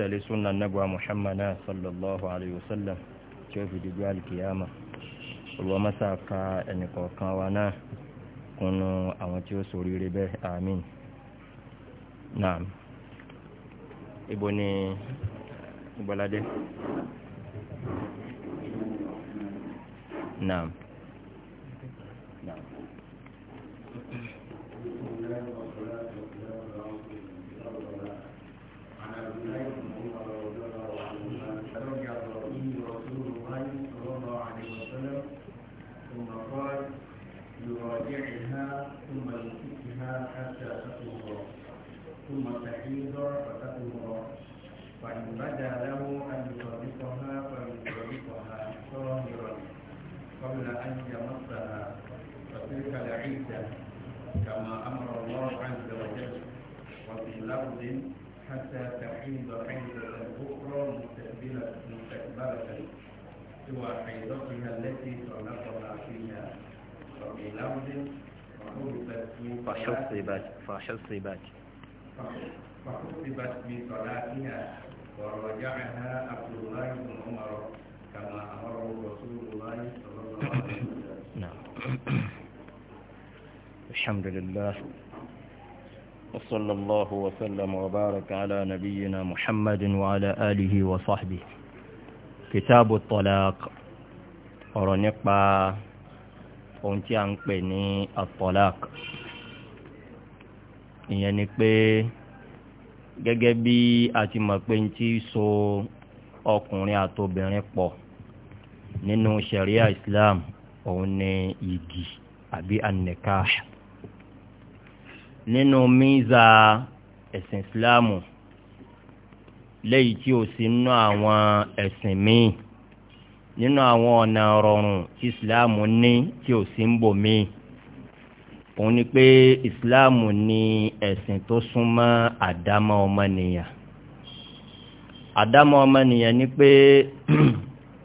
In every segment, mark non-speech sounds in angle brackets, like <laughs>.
tẹ̀lé súnà nẹ́gbà Muhammad sallallahu alayhi wa sallam tí ó fi dìgbò alìkìyàmà olùwọ́ mọ́sá ka ẹnìkọ̀ọ̀kan wa náà kúnnú àwọn tí ó ṣoríire bẹ́ẹ̀ àmín naam ibo ni ìgbọ́ládé naam. فحصبت فحصبت فحصبت من صلاتها ورجعها عبد الله بن عمر كما أمره رسول الله صلى الله عليه وسلم نعم الحمد لله وصلى الله وسلم وبارك على نبينا محمد وعلى آله وصحبه كتاب الطلاق ọ̀rọ̀ ohun tí a ń pè ní atolak ìyẹn ni pé gẹ́gẹ́ bí a ti mọ̀ pé ń ti so ọkùnrin àtobìnrin pọ̀ nínú sharia islam òun ni igi àbí an-nikah nínú míza ẹ̀sìn islam léyìí tí ó sì nú àwọn ẹ̀sìn míì nínú àwọn ọ̀nà rọrùn tí ìsìláàmù ní tí ò sí ń bò míì òun ni pé ìsìláàmù ni ẹ̀sìn tó súnmọ́ àdámọ́ ọmọnìyàn àdámọ́ ọmọnìyàn ni pé <clears throat>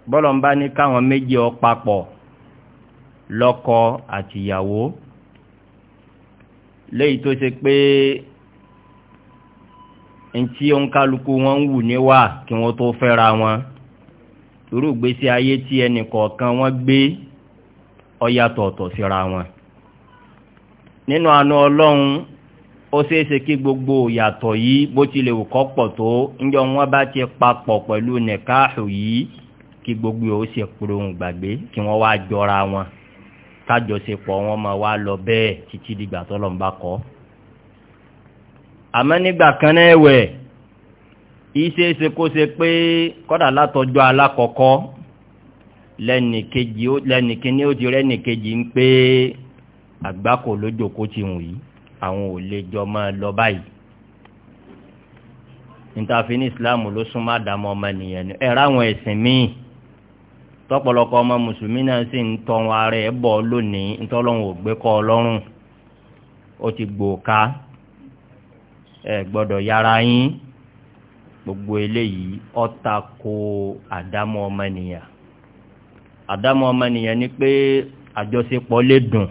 bọ́lọ̀ ń bá ní káwọn méjì ọ papọ̀ lọ́kọ àtìyàwó léyìí tó ṣe pé ntí òǹkálukú wọn ń wù níwà kí wọ́n tó fẹ́ra wọn. irú ìgbésí ayé tí ẹnì kọ̀ọ̀kan wọn gbé ọyàtọ̀ọ̀tọ̀ síra wọn nínú àánú ọlọ́run ó ṣeéṣe kí gbogbo ìyàtọ̀ yìí bó tilẹ̀ wù kọ́ tó ńjọ wọn bá ti papọ̀ pẹ̀lú yìí gbogbo ó ṣe pòròhùn gbàgbé kí wọ́n wá jọra wọn kájọṣepọ̀ wọn máa wá lọ bẹ́ẹ̀ títí dìgbà ìṣeéṣe kó ṣe pé kọ́dà látọjọ́ alákọ̀ọ́kọ́ lẹ́nìkejì lẹ́nìkíní ó ti rẹ́nìkejì ń pé àgbákò lójókòó ti wùn yìí àwọn ò lè jọ máa lọ báyìí nítafin ní islam ló súnmọ́ àdámọ́ ọmọ nìyẹn ni ẹ̀rọ àwọn ẹ̀sìn míì tọ́pọ̀lọpọ̀ ọmọ mùsùlùmí náà sì ń tọ́ wọn ara ẹ̀ bọ̀ lónìí ntọ́lọ́hún ò gbé kọ́ ọlọ́run ó ti gbòòká ẹ̀ gbọ́dọ̀ yára yín gbogbo eléyìí ọta ko àdámọ́ ọmọnìyàn àdámọ́ ọmọnìyàn ni pé àjọṣepọ̀ lè dùn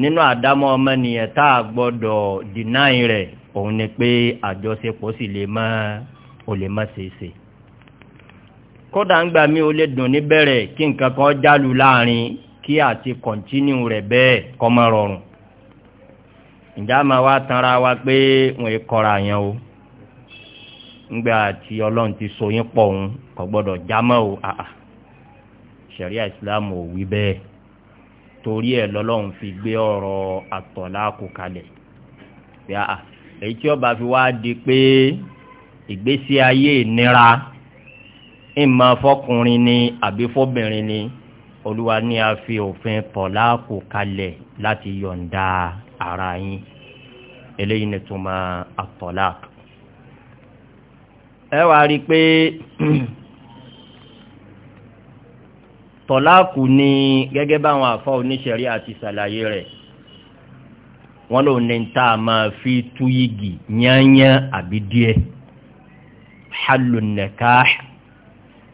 nínú ninu ọmọnìyàn tá a gbọ́dọ̀ dìnáì rẹ̀ òun ni pé àjọṣepọ̀ sì lè ma o lè ma ṣeéṣe kódà ń gbà o lè dùn níbẹ̀rẹ̀ kí nǹkan kan jálù láàrin kí àti kọ̀ntínú rẹ̀ bẹ́ẹ̀ kọ́ mọ́ rọrùn ǹjẹ́ máa wá tanra wa pé wọ́n kọ́ra ńgbà tí ọlọ́run ti so yín pọ̀ òun kò gbọ́dọ̀ jámọ́ o àà ṣẹ̀ríà ìsìláàmù ò wí bẹ́ẹ̀ torí ẹ̀ lọ́lọ́run fi gbé ọ̀rọ̀ àtọ̀láàkù kalẹ̀ pé àà èyí tí ọba fi wá di pé ìgbésí ayé ìnira ìmọ̀ fọkùnrin ni àbí fọbìnrin ni olúwa ní a fi òfin tọ̀láàkù kalẹ̀ láti yọ̀ǹda ara yín eléyìí ni tó máa àtọ̀láàkù ẹ wá rí i pé <clears throat> tọ́láàkù ni gẹ́gẹ́ báwọn àfọ́ oníṣẹ̀rí àti ṣàlàyé rẹ̀ wọ́n lòun ní tá a máa fi tú yìgì yányán àbí díẹ̀ hallu nikah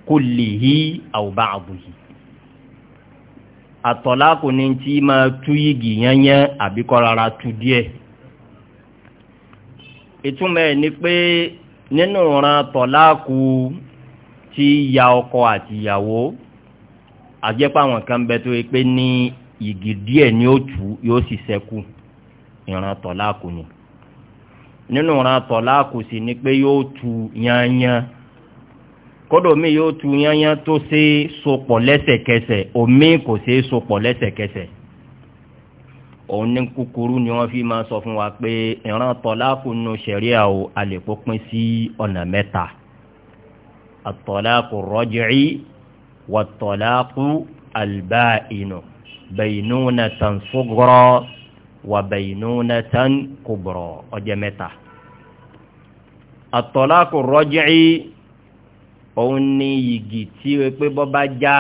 kullihi aw ba'dihi àtọ̀láàkù ni tí máa tú yìgì yányán àbí kọ́ rárá tú díẹ̀ ìtumọ̀ ẹ̀ ni pé nínú ran tọ̀láàkù tí ya ọkọ àti ìyàwó àjẹpá àwọn kan bẹ tó yẹ pé ní ìgì díẹ̀ ni ó tù yóò sì ṣẹ́kù ìran tọ̀láàkù ni nínú ìran tọ̀láàkù sì ni pé yóò tù yanyan kódò mi yóò tù yanyan tó ṣe é sopọ̀ lẹ́sẹ̀kẹsẹ̀ omi kò ṣe é sopọ̀ lẹ́sẹ̀kẹsẹ̀ òun ní kúkúrú ni wọ́n fi máa sọ fún wa pé ìran tọ́láàkù nù ṣẹ̀ríà o a lè pópin sí ọ̀nà mẹ́ta àtọ́láàkù rọ́jìí wàtọ́láàkù albáìnù bẹ̀yìnúnà tàn sógọ́rọ́ wà bẹ̀yìnúnà tàn kúbọ̀rọ̀ ọjẹ́ mẹ́ta àtọ́láàkù rọ́jìí òun ní yìgì tí o bọ́ bá já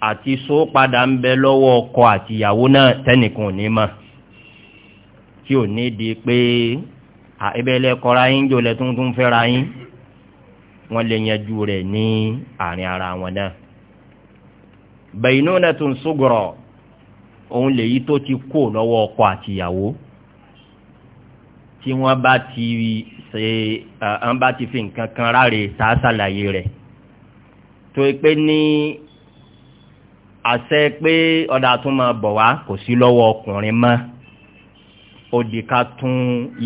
àti só padà ń bẹ lọ́wọ́ ọkọ àti ìyàwó náà tẹ́nìkan ní mọ̀ tí ò ní di pé àìbẹ̀lẹ̀ kọra yín jòlẹ̀ tuntun fẹ́ra yín wọ́n lè yanjú rẹ̀ ní àárín ara wọn náà. bẹ̀yìnú náà tún sógọ̀rọ̀ òun lèyí tó ti kó lọ́wọ́ ọkọ àti ìyàwó tí wọ́n bá ti ṣe wọ́n bá ti fi nǹkan kan ráre tá ṣàlàyé rẹ̀ tó pé ní àṣẹ pé ọ̀dà tún máa bọ̀ wá kò sí lọ́wọ́ ọkùnrin mọ́ ó di tún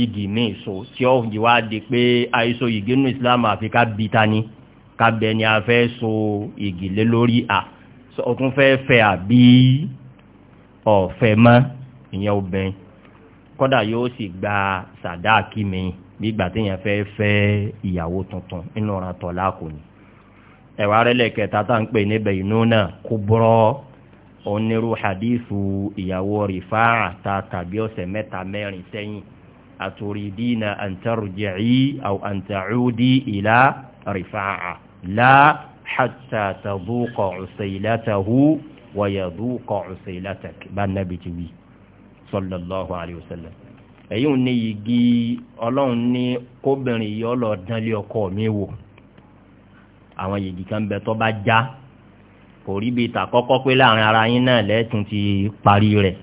igi míì so tí ó yìí wá di pé àìsọ igi nínú Islam àfi ká bi ta ni ká bẹ ni a fẹ́ so igi lé lórí à ó tún fẹ́ fẹ́ àbí ọ̀fẹ́ mọ́ ìyẹn obìnrin kódà yóò sì gba sàdáàkì mi bí ìgbà téèyàn fẹ́ fẹ́ ìyàwó tuntun nínú ọ̀ràn tọ́lá kò ní ẹ̀wà rẹ̀lẹ̀ kẹta tá ń pè níbẹ̀ inú náà kú bọ́rọ́ onírú hadithu ìyàwó rìfáà ta tàbí ọ̀sẹ̀ mẹ́ta mẹ́rin sẹ́yìn àtòrídìínà àǹtàrùjẹ̀rí àwọn àǹtàrúdì ìlà rìfáà la hatta tàbúkọ̀ usailatahu wa yadúkọ̀ usailatak bá nàbì ọlọ́run ní kóbìnrin yìí ọlọ́ọ̀dánlé ọkọ mi wò àwọn yìgì kan bẹ tó bá já kò rí bíi tà kọ́kọ́ pé láàrin ara yín náà lẹ́tùn ti parí rẹ̀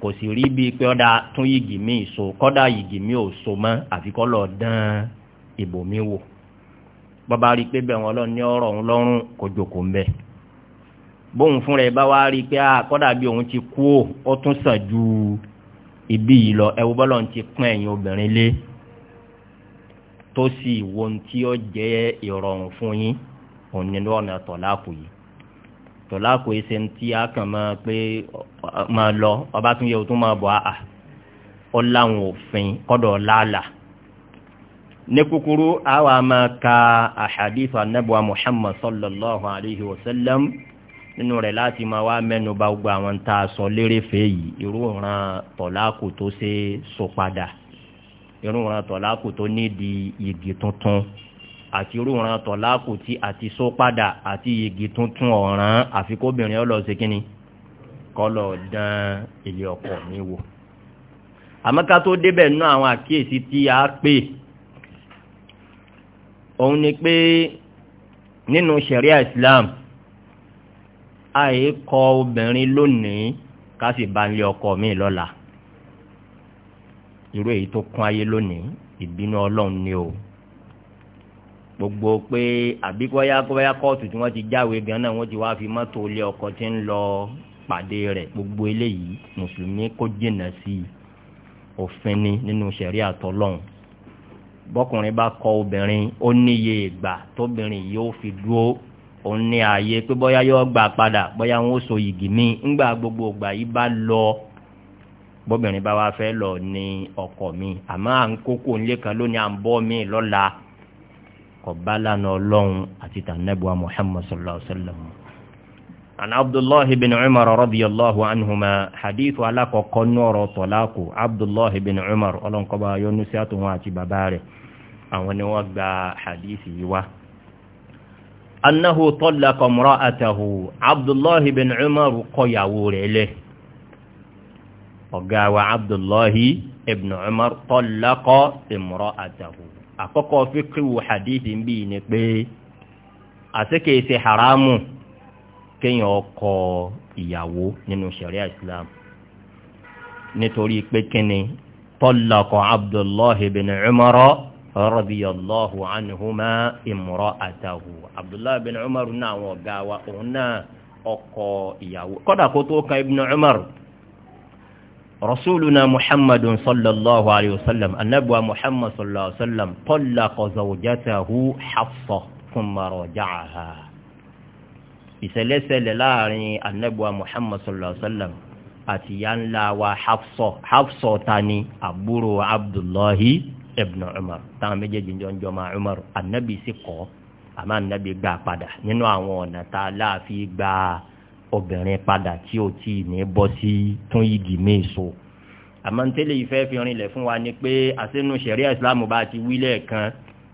kò sì rí bíi pé ọ̀dà tún yìgì míì so kọ́dà yìgì míì ò so mọ́ àfi kọ́ lọ dán ìbòmí wò bàbá rí i pé bẹ́ẹ̀ wọn ní ọ̀rọ̀ òun lọ́rùn kò jòkó ń bóun fúnra ẹ̀ bá wá rí i pé kọ́dà bí òun ti kú ó tún sàn ju ibi yìí lọ ẹ wo ti pọ́n ẹ̀yin obìnrin lé tó sì wo tí ó jẹ́ ìrọ̀rùn fún yín òun ni lọ́nà tọ̀láàkù yìí tọ̀láàkù yìí ṣe ń tí a kàn máa pé máa lọ ọba tún yẹ o tún máa bọ̀ àà ó láwọn òfin kọ́dọ̀ láàlà ní kúkúrú àwa máa ka àhàdìsọ anábùwà Muhammad sallallahu alayhi wa sallam nínú rẹ̀ láti máa wá mẹ́nu bà gbogbo àwọn tá a sọ lérè fèé yìí irú ìran tọ̀láàkù tó ṣe é so padà. So irúnra tọ̀láàkù tó ní di yìgì tuntun àti irúnra tọ̀láàkù tí àti só padà àti yìgì tuntun ọ̀ràn àfikóbìnrin ọlọ́ọ̀ ṣe kínni kọ́lọ̀ dán ilé ọkọ mi wò àmọ́ká tó débẹ̀ nú àwọn àkíyèsí tí a pè òun ni pé nínú ṣẹ̀ríà Islam àìkọ obìnrin lónìí ká sì bá ilé ọkọ mi lọ́la. irú èyí tó kún ayé lónìí ìbínú ọlọ́run ni o gbogbo pé àbíkọ́yá kọ́yá kóòtù tí wọ́n ti jáwé gan náà wọ́n ti wá fi mọ́tò ilé ọkọ̀ tí ń lọ pàdé rẹ̀ gbogbo eléyìí mùsùlùmí kó jìnnà sí òfin ni nínú sẹ̀rí àtọ́lọ́run bọ́kùnrin bá kọ obìnrin ó níye ìgbà tóbìnrin yóò fi dúró òun ní ààyè pé bọ́yá yóò gbà padà wọn ó so míì gbogbo ìgbà yìí bá lọ bóbìnrin bá wá fẹ́ lọ ní ọkọ mi àmọ́ à ń kókó nílé kan lónìí à ń bọ́ mi lọ́la kọba lana ọlọ́run àti tànẹ́bùwà muhammad sallallahu alaihi wa sallam. عن عبد الله بن عمر رضي الله عنهما حديث على قنور طلاق عبد الله بن عمر ألون قبا يونسياته واتي بباره أن وقع حديثي و أنه طلق امرأته عبد الله بن عمر قياور إليه ọ̀gá wa abdullahi ibn umar talaqa imra'atahu àkọ́kọ́ fíkìwù hadith ń bí ni pé àsekèsè haramu kéèyàn ọkọ ìyàwó nínú sharia islam nítorí pé kíni talaqa abdullahi ibn umar radiyallahu anhuma imra'atahu abdullahi ibn umar náà àwọn ọ̀gá wa òun náà ọkọ ìyàwó kódà kó tó kan ibn umar rasuluna muhammadun sallallahu alayhi wa sallam anabuwa muhammad sallallahu alayhi wa sallam talaqa zawjatahu hafsa thumma raja'aha ìṣẹ̀lẹ̀ṣẹlẹ̀ láàrin anabuwa muhammad sallallahu alayhi wa sallam àti ya ńlá wa hafsa hafsa ta ni àbúrò abdullahi ibn umar táwọn méjèèjì jọjọ ma umar anabi sì kọ́ àmọ́ anabi gbà padà nínú àwọn ọ̀nà tá a láàfin obìnrin padà tí ó ti ní bọ́ sí tún igi míì so àmọ́ ìfẹ́ fi rinlẹ̀ fún wa ni pé àsínú sẹ̀ríà ìsìláàmù bá ti wí lẹ́ẹ̀kan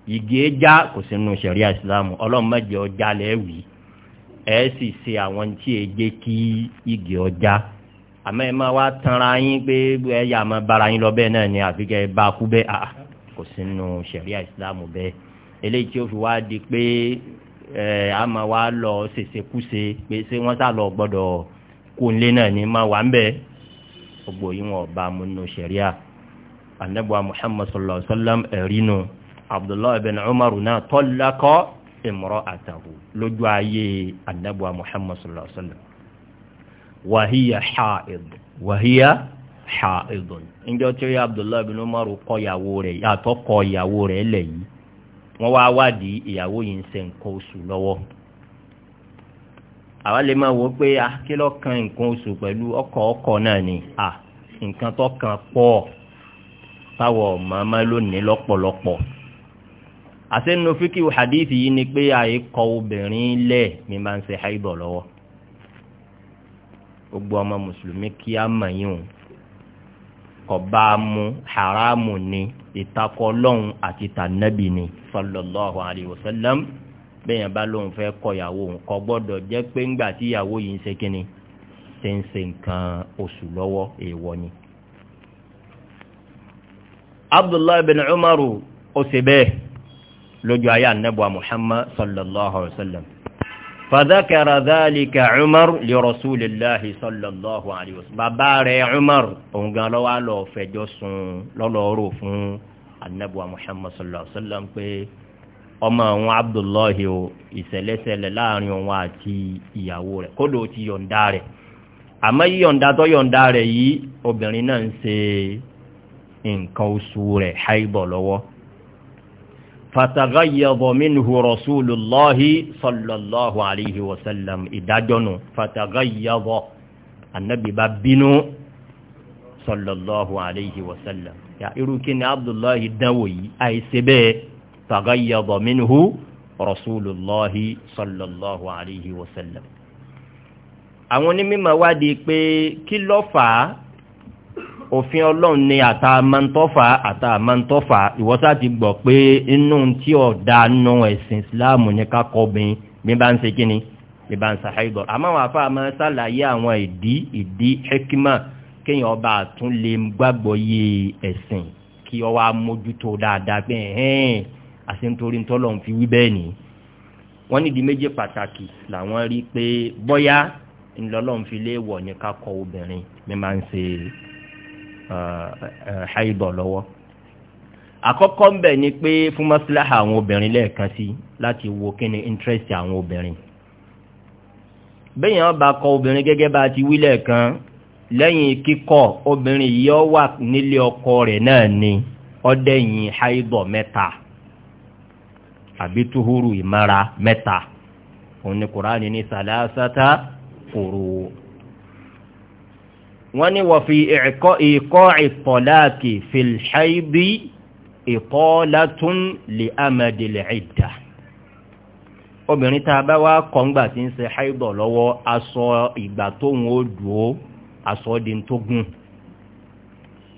igi já kò sínú sẹ̀ríà ìsìláàmù ọlọ́mọdé ọjà lẹ́wì ẹ̀ sì ṣe àwọn tí e jẹ́ kí igi ọjà àmọ́ ẹ máa wá tanra yín pé ẹ yà máa bára yín lọ bẹ́ẹ̀ náà ni àfi kẹ́ ẹ bá kú bẹ́ẹ̀ kò sínú sẹ̀ríà ìsìláàmù bẹ́ẹ̀ eléyìí tí ó fi wá di pé ẹ àmọ́ wa lọ ṣèṣekúṣe pé ṣé wọ́n sá lọ gbọ́dọ̀ kó nílé náà ní máa wà ń bẹ̀ gbogbo yìí wọn ọba amúnú sẹ̀ríà anabuwa muhammad sallallahu alaihi wa sallam ẹ̀rínu abdullahi bin umar náà tọ́lákọ́ ìmọ̀rọ̀ àtàwù lójú ayé anabuwa muhammad sallallahu alaihi wa sallam wàhíyà ha'id wàhíyà ha'idun ǹjọ́ tí abdullahi bin umar kọ́ ìyàwó rẹ̀ yàtọ̀ kọ́ ìyàwó rẹ̀ lẹ́yìn wọ́n wá wádìí ìyàwó yìí ń ṣe nǹkan oṣù lọ́wọ́ àwa lè máa wò ó pé akílọ̀ ah, kan nǹkan oṣù pẹ̀lú ọkọ̀ ọkọ̀ náà ni à nǹkan tó kan pọ̀ táwọ̀ màmá lónìí lọ́pọ̀lọpọ̀ àsẹ́nu fíkì hadith yìí ni pé àìkọ ah, obìnrin lẹ̀ mi máa ń ṣe haibọ̀ lọ́wọ́ gbogbo ọmọ mùsùlùmí kí á mọ̀ yín o kọ̀bámu haramu ni ìtakọ̀ ọlọ́run àti tànẹ́bì ni sallallahu alayhi wa sallam bẹ́ẹ̀ yẹn bá lóun fẹ́ kọ ìyàwó kò gbọ́dọ̀ jẹ́ pé ńgbà tí ìyàwó yìí ń ṣe kínni ṣe ń ṣe nǹkan oṣù lọ́wọ́ èèwọ̀ ni. abdullahi bin umaru ó bẹ́ẹ̀ lójú ayé anabuwa muhammad sallallahu alayhi فذكر ذلك عمر لرسول الله صلى الله عليه وسلم bàbá rẹ̀ عمر òun gan ló wá lọ fẹjọ́ sùn lọ́lọ́rọ̀ fún anabuwa muhammad sallallahu alaihi wa sallam pé ọmọ òun abdullahi o ìṣẹ̀lẹ̀ṣẹlẹ̀ láàrin òun àti ìyàwó rẹ̀ kódò ti yọ̀ǹda rẹ̀ àmọ́ yíyọ̀ǹda tó yọ̀ǹda rẹ̀ yìí obìnrin náà ń ṣe nǹkan oṣù rẹ̀ haibọ̀ lọ́wọ́ fatagayyadọ minhu rasulillahi sallallahu alayhi wa sallam ìdájọ́nu fatagayyadọ anabi bá bínú sallallahu alayhi wa sallam ya irú kíni abdullahi dánwò yìí àìsè bẹ́ẹ̀ tagayyadọ minhu rasulillahi sallallahu alayhi wa sallam. àwọn onímọ̀ wádìí pé òfin ọlọ́run ni àtàmọ́ntọ́fà àtàmọ́ntọ́fà ìwọ́sá ti gbọ́ pé inú tí ọ̀dà nù ẹ̀sìn islam ní kákọ́bìn bí bá ń ṣe kíni bí bá ń ṣàhẹ́dọ̀ àmọ́ àwọn afá máa ń ṣàlàyé àwọn ìdí ìdí hekima kéèyàn ọba àtún lè gbàgbọ́ yé ẹ̀sìn kí ọ wá mójútó dáadáa pé ẹ̀hẹ́n àti nítorí tọ́lọ́run fi wí bẹ́ẹ̀ ni wọ́n nídìí méjì pàtàkì làwọn rí pé bọ́yá ńlọ́lọ́run fi lé wọ̀ ní kákọ́ obìnrin mi máa ń ṣe haibọ̀ lọ́wọ́ àkọ́kọ́ ń bẹ̀ ni pé fún mọ́síláhà àwọn obìnrin lẹ́ẹ̀kan sí láti wo kí ni interest àwọn obìnrin bẹ́yìn ọba kọ obìnrin gẹ́gẹ́ bá ti wí lẹ́ẹ̀kan lẹ́yìn kíkọ́ obìnrin yìí ọ wà nílé ọkọ rẹ̀ náà ni ọdẹ́yìn haibọ̀ mẹ́ta àbí tuhuru meta mẹ́ta òun ni kùránì ní sàlásátá kòrò wọ́n ní wọ́n fi ìkọ́ ìtọ́láàkì fìlháìbí ìkọ́látún lè amẹ́dìlẹ̀ ìdá obìnrin tá a bá wá kọ́ngbà tí ń ṣe háìbọ̀ lọ́wọ́ aṣọ ìgbà tóun ó dùó aṣọ di tó gùn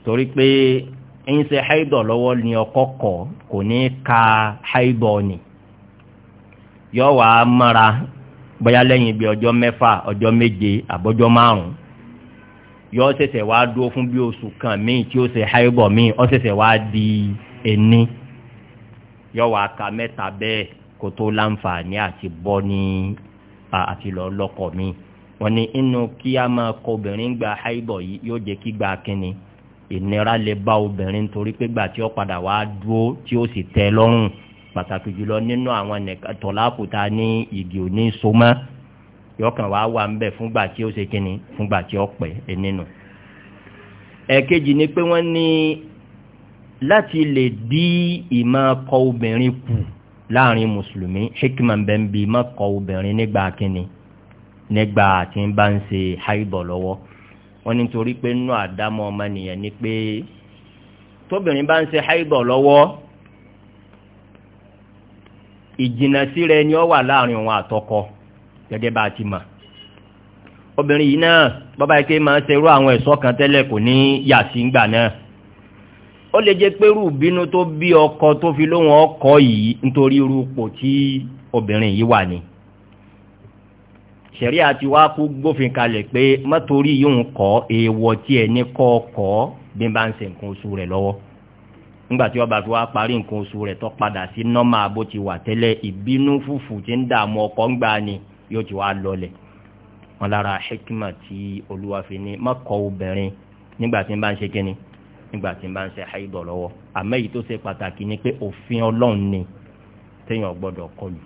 torí pé ń ṣe háìbọ̀ lọ́wọ́ ni ọkọ kọ̀ kò ní ka háìbọ̀ ni yọ wàá mara bóyá lẹ́yìn bí ọjọ́ mẹ́fà ọjọ́ méje àbọ́jọ́ márùn-ún yọ ṣẹ̀ṣẹ̀ wá dúró fún bí oṣù kan míì tí ó ṣe háìbọ̀ míì ọ ṣẹ̀ṣẹ̀ wá di ẹni yọ wá ka mẹ́ta bẹ́ẹ̀ kó tó láǹfààní àti bọ́ ní àti lọ lọ́kọ míì wọ́n ní inú kí a máa kọ obìnrin gba háìbọ̀ yìí yóò jẹ́ kí gba kínni ìnira lè bá obìnrin torí pé gbà tí ó padà wá dúró tí ó sì tẹ́ lọ́rùn pàtàkì jùlọ nínú àwọn tọ́láàpù ta ní ìgì òní so yọkàn wá wà ń bẹ̀ fúngbà tí ó ṣe kíni fúngbà tí ó pẹ́ ẹ nínú. ẹ̀kejì ni pé wọ́n ní láti lè dí ìmọ̀ kọ obìnrin kù láàrin mùsùlùmí hikman bẹ́ẹ̀ bí mọ̀ kọ obìnrin nígbà kíni nígbà tí ń bá ń ṣe haibọ̀ lọ́wọ́ wọ́n ní pé nínú àdámọ́ ọmọnìyàn ni pé tóbìnrin bá ń ṣe haibọ̀ lọ́wọ́ ìjìnà sí rẹ ni ó wà láàrin òun àtọkọ gẹ́gẹ́ bá a ti mọ̀ obìnrin yìí náà bàbá yìí pé máa ń ṣerú àwọn ẹ̀ṣọ́ kan tẹ́lẹ̀ kò ní yà sí ńgbà náà ó lè jẹ́ pé irú ìbínú tó bí ọkọ tó fi lóhùn ọkọ yìí nítorí irú ipò tí obìnrin yìí wà ní ṣẹ̀rí àti wá kú gbófin kalẹ̀ pé mọ́tòrí yìí ń kọ́ èèwọ̀ tí ẹ̀ ní kọ́ ọkọ̀ bí bá ń ṣe nǹkan oṣù rẹ̀ lọ́wọ́ nígbà tí ọba fi wá parí nǹkan oṣù rẹ̀ tó padà sí nọ́mà bó ti wà tẹ́lẹ̀ ìbínú fùfù tí ń dààmú ọkọ ń ni yóò ti wá lọlẹ̀ wọn lára hikima tí olúwa fi ní má kọ obìnrin nígbà tí n bá ń ṣe kíni nígbà tí n bá ń ṣe àìbọ̀ lọ́wọ́ àmọ́ èyí tó ṣe pàtàkì ni pé òfin ọlọ́run ni téèyàn gbọ́dọ̀ kọlù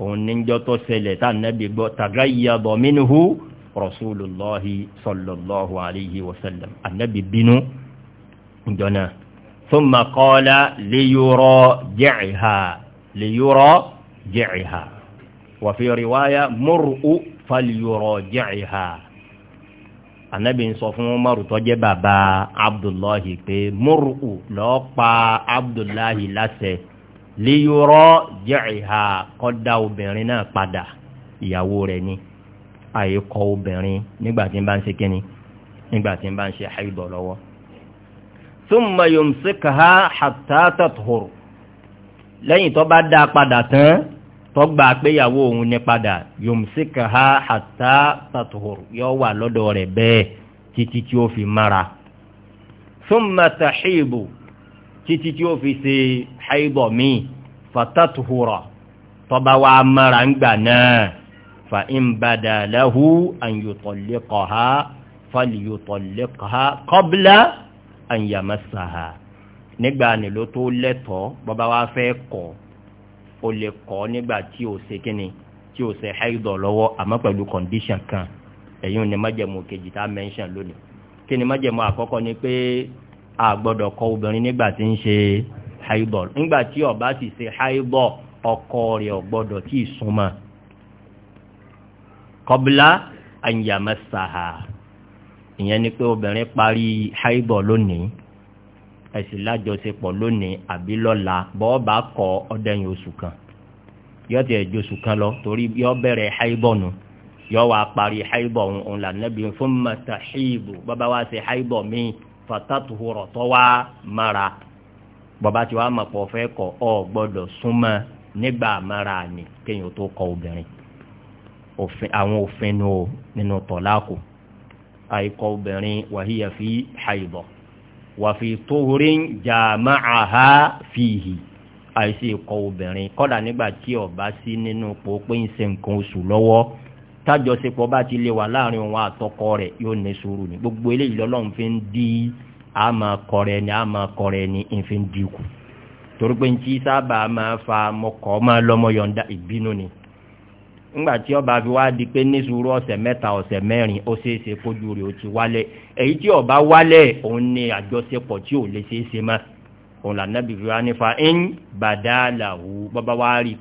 òun níjọ́ tó ṣẹlẹ̀ tá nẹ́bí gbọ́ tagayyaba minhu rasulullahi sallallahu alayhi wa sallam ànẹ́bí bínú ìjọ thumma qala liyura ji'ha liyura ji'ha wàfi riwaya muru falyurajaiha anabi ń sọ fún umaru tó jẹ́ bàbá abdullahi pé muru lọ́ọ́ pa abdullahi láṣẹ liyurajaiha kọ́dá obìnrin náà padà ìyàwó rẹ̀ ni àyíkọ́ obìnrin nígbà tí ń bá ń ṣe kíni nígbà tí ń bá ń ṣe haidọ̀ lọ́wọ́ thumma yumsikha hatta tathur lẹ́yìn tó bá dá padà tán tọ́gbà péyàwó òun ní padà yomsika ha hàtà tàtòhòrò yóò wà lọ́dọ̀ rẹ̀ bẹ́ẹ̀ títí tí ó fi mara thumma tahibu títí tí ó fi ṣe haibọ̀ míì fatatuhura tọba wa mara ń gbà náà fa in bada lahu an yutalliqaha falyutalliqaha qabla an yamassaha nígbà nílò tó lẹ́tọ̀ọ́ bọ́ba wa fẹ́ kọ̀ o lè kọ́ nígbà tí o ṣe kíni tí o ṣe haidọ̀ lọ́wọ́ àmọ́ pẹ̀lú condition kan èyí ni májẹ̀mú kejì tá a mention lónìí kí ni májẹ̀mú àkọ́kọ́ ni pé a gbọ́dọ̀ kọ obìnrin nígbà tí ń ṣe haidọ̀ nígbà tí ó bá sì ṣe haidọ̀ ọkọ rẹ̀ ò gbọ́dọ̀ tí ì súnmọ́ kọbílá àyàmẹ́sàá ìyẹn ni pé obìnrin parí haidọ̀ lónìí ẹ̀sìn lájọṣepọ̀ lónìí àbí lọ́la bọ́ọ̀bà kọ ọdẹyìn oṣù kan yọ ti ẹjọ oṣù kan lọ torí yọ bẹ̀rẹ̀ haibọnu yọ wà parí haibọ òun là nẹbi fún mata haibu bàbá wa ṣe haibọ mi fatatuhurọ tọ wa mara bàbá tí wàá mọ̀pọ̀ fẹ́ kọ ọ gbọ́dọ̀ súnmọ́ nígbà mara ni kéèyàn tó kọ obìnrin àwọn òfin nù nínú tọ̀láàkù àìkọ obìnrin wàhíyà fi haibọ wàfi tóorin jàmáàhá fìhì àìsí ikọ̀ obìnrin kọ́dà nígbà tí ọba sí nínú pópin ṣe nǹkan oṣù lọ́wọ́ tájọṣepọ̀ bá ti lè wà láàrin òun àtọkọ rẹ̀ yóò ní sùúrù ní gbogbo eléyìí lọ́lọ́run fi ń di àmà kọrẹ ni àmà kọrẹ ni ìfi ń dínkù torí pé ní tí sábà máa fa mọkọ máa lọ́mọ yọ̀ǹda ìbínú ni ńgbàtí ọba fi wá di pé nísùúrù ọ̀sẹ̀ mẹ́ta ọ̀sẹ̀ mẹ́rin ó ṣeé ṣe kójú rẹ̀ ó ti wálẹ̀ èyí tí ọba wálẹ̀ òun ni àjọṣepọ̀ tí ò lè ṣeé ṣe mọ́ òun lànàbì fi nífa ń bàdá làwù bàbá wa rí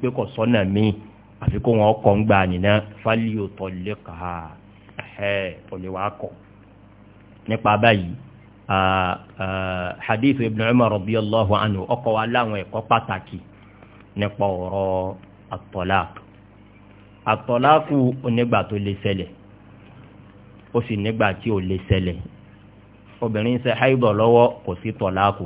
nípa báyìí hadith ibn umar wa láwọn ẹ̀kọ́ pàtàkì nípa ọ̀rọ̀ àtọ̀láàkù onígbà tó lè ṣẹlẹ̀ ó sì nígbà tí ò lè ṣẹlẹ̀ obìnrin ṣe háìbọ̀ lọ́wọ́ kò sí tọ̀láàkù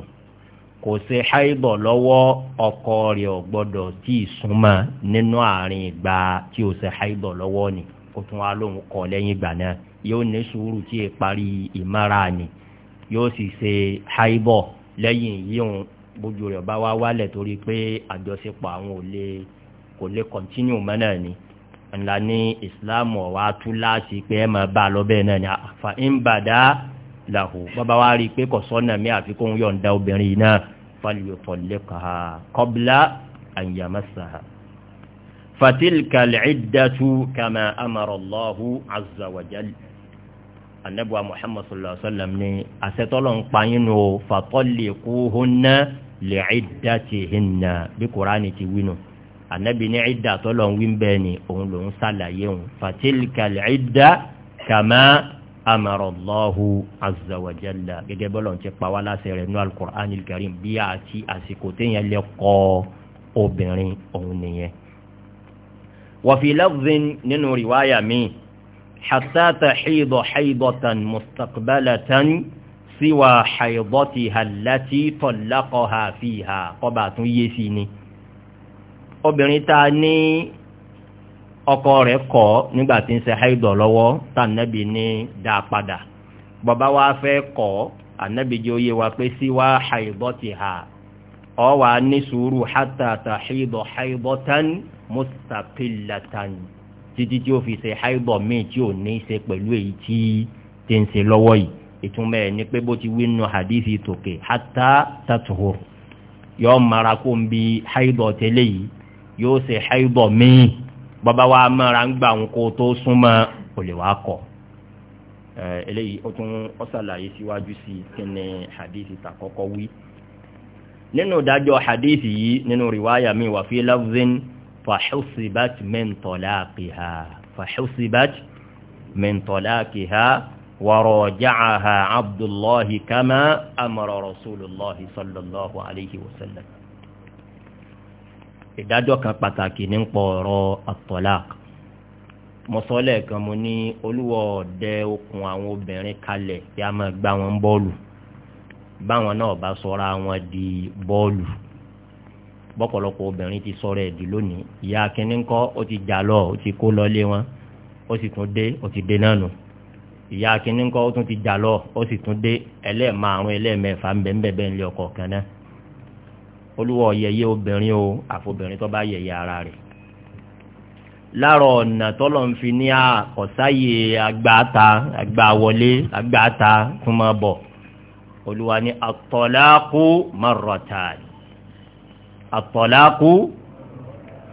kò ṣe háìbọ̀ lọ́wọ́ ọkọ rẹ̀ ò gbọ́dọ̀ tí ì súnmọ́ nínú àárín ìgbà tí ò ṣe háìbọ̀ lọ́wọ́ ni kó tún wá lóhùn kọ lẹ́yìn ìgbà náà yóò ní sùúrù tí ì parí ìmára ni yóò sì ṣe háìbọ̀ lẹ́yìn yíyún bójú rẹ̀ bá wá wálẹ̀ torí pé àjọṣepọ̀ àwọn ò lè kò lè kọ̀ntínú mọ́ náà ni ńlá ní ìsìláàmù ọ̀wá tú láti pé ẹ máa bá a lọ bẹ́ẹ̀ náà ni àfà ah, ń bàdá làhù bàbá wa rí i pé kò sọ́nà mi àfi kóun yọ̀ǹda obìnrin yìí náà fàlùyọ̀tọ̀ lẹ́kọ̀ọ́ kọ́bílá àyàmásà fatilka al-iddatu kama amara Allahu anabuwa muhammad sallallahu alaihi wa sallam ni asetọlọ nkpanyinu fatọlikuhunna li'iddatihinna bí kuraani ti winu anabi ní ìdá tọ́lọ̀ ń wí bẹ́ẹ̀ ni òun ló ń sàlàyé òun fatilkal ìdá kàmá amarallahu azza wa jalla gẹ́gẹ́ bọ́lọ̀ ti pa wá láṣẹ rẹ̀ nú alukur'an karim bí a ti àsìkò téèyàn lè kọ́ obìnrin òun nìyẹn. wa fi lafdhin nínú rìwáyà mi hatta tahida haydatan mustaqbalatan siwa haydatiha allati tallaqaha fiha kọ́ba tún yé sí ni. obìnrin tá a ní ọkọ rẹ̀ kọ̀ nígbàtí tí ń ṣe haidọ̀ lọ́wọ́ tá ànábì ní dá a padà fẹ́ kọ̀ ànábì jẹ́ oyé wa pé sí wá haidọ̀ ti ha ọ wà ní sùúrù hatta tahidọ̀ haidọ̀tán mustapilatan títí tí ó fi ṣe haidọ̀ míì tí ò ní ṣe pẹ̀lú èyí tí ti ń ṣe lọ́wọ́ yìí bi haidọ̀ tẹ́lẹ̀ yìí yóò ṣe haibọ̀ míì bàbá wa mọ́ra ń gbà ńkó tó súnmọ́ kò lè wá kọ̀ eléyìí ó tún ó ṣàlàyé síwájú sí kí ni hadith ìtàkọ́kọ́ wí nínú ìdájọ́ hadith yìí nínú riwaya mi wà fi lafzin fàṣùsìbát mẹ́ntọ́láàkìhá fàṣùsìbát mẹ́ntọ́láàkìhá wàrọ̀jáàhà abdullahi kama amara rasulullahi sallallahu alayhi wa sallam ìdájọ́ kan pàtàkì ní pọ̀ ọ̀rọ̀ at-talaq mo mo ní olúwọ̀ ọ̀dẹ́ okùn àwọn obìnrin kalẹ̀ tí a máa gbá wọn bọ́ọ̀lù báwọn náà bá sọ́ra wọn di bọ́ọ̀lù bọ́pọ̀lọpọ̀ obìnrin ti sọ̀rọ̀ lónìí ìyá kínní ó ti jà lọ ó ti kó wọn ó sì tún dé ó ti dé náà nù ìyá ti jà lọ ó sì tún dé ẹlẹ́ẹ̀márùn-ún ẹlẹ́ẹ̀mẹ́fà ń bẹ́ẹ̀ olúwa ọ̀yẹ̀yẹ obìnrin o àfobìnrin tó bá yẹ̀yẹ ara rẹ̀ láàrọ̀ ọ̀nà tọ́lọ̀ ń fi ní ọ̀sáyè agbáta agbáwọlé agbáta tún máa bọ̀ olúwa ní àtọ̀láàkú marratan àtọ̀láàkú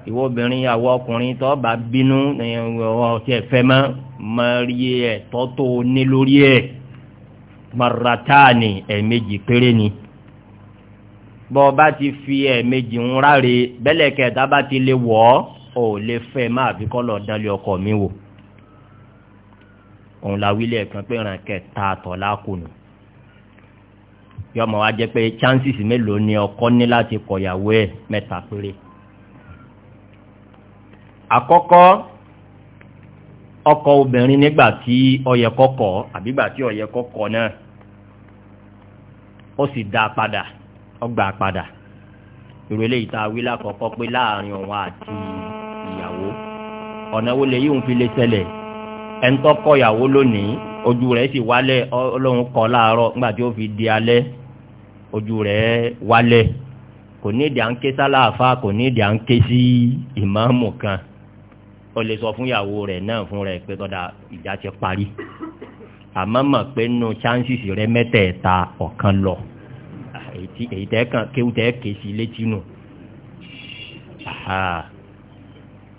ìwọ obìnrin àwọ ọkùnrin tó bá bínú ní ọtí ẹ̀fẹ́ mọ́ máa rí ẹ̀tọ́ tó ní lórí ẹ̀ marratan ẹ̀ẹ̀mejì péré ni bọ́ bá ti fi ẹ̀ẹ̀mejì ń ráre bẹ́lẹ̀ kẹta bá ti lè wọ̀ ọ́ ò lè fẹ́ máa fi kọ́ lọ dánlé ọkọ mi wò òun la wílẹ̀ kan pé ràn kẹta àtọ̀ lákùnù yọmọ wa jẹ pé chances mélòó ni ọkọ ní láti kọyàwó ẹ mẹ́ta péré àkọ́kọ́ ọkọ obìnrin nígbà tí ọyẹ kọkọ àbígbà tí ọyẹ kọkọ náà ó sì dá padà ọgbà padà ìrọ̀lẹ́ ìta wílà kọ̀ọ̀kan pé láàrin òun àti ìyàwó ọ̀nà wo lè yíwọ̀n fi lè ṣẹlẹ̀ ẹ̀ńtọ́ kọ ìyàwó lónìí ojú rẹ̀ sì wálẹ̀ ọlọ́run kọ láàárọ̀ nígbà tí ó fi di alẹ́ ojú rẹ̀ wálẹ̀ kò ní ìdí à ń ké sálàáfà kò ní ìdí à ń ké sí ìmáàmù kan ó lè sọ fún ìyàwó rẹ̀ náà fún rẹ̀ pé tọ́da ìjà ti parí àmọ́ mọ̀ pé nínú chances rẹ̀ mẹ́tẹ̀ẹ̀ta ọ̀kan lọ èyí tẹ́ kàn kéwù tẹ́ ké sí létí nù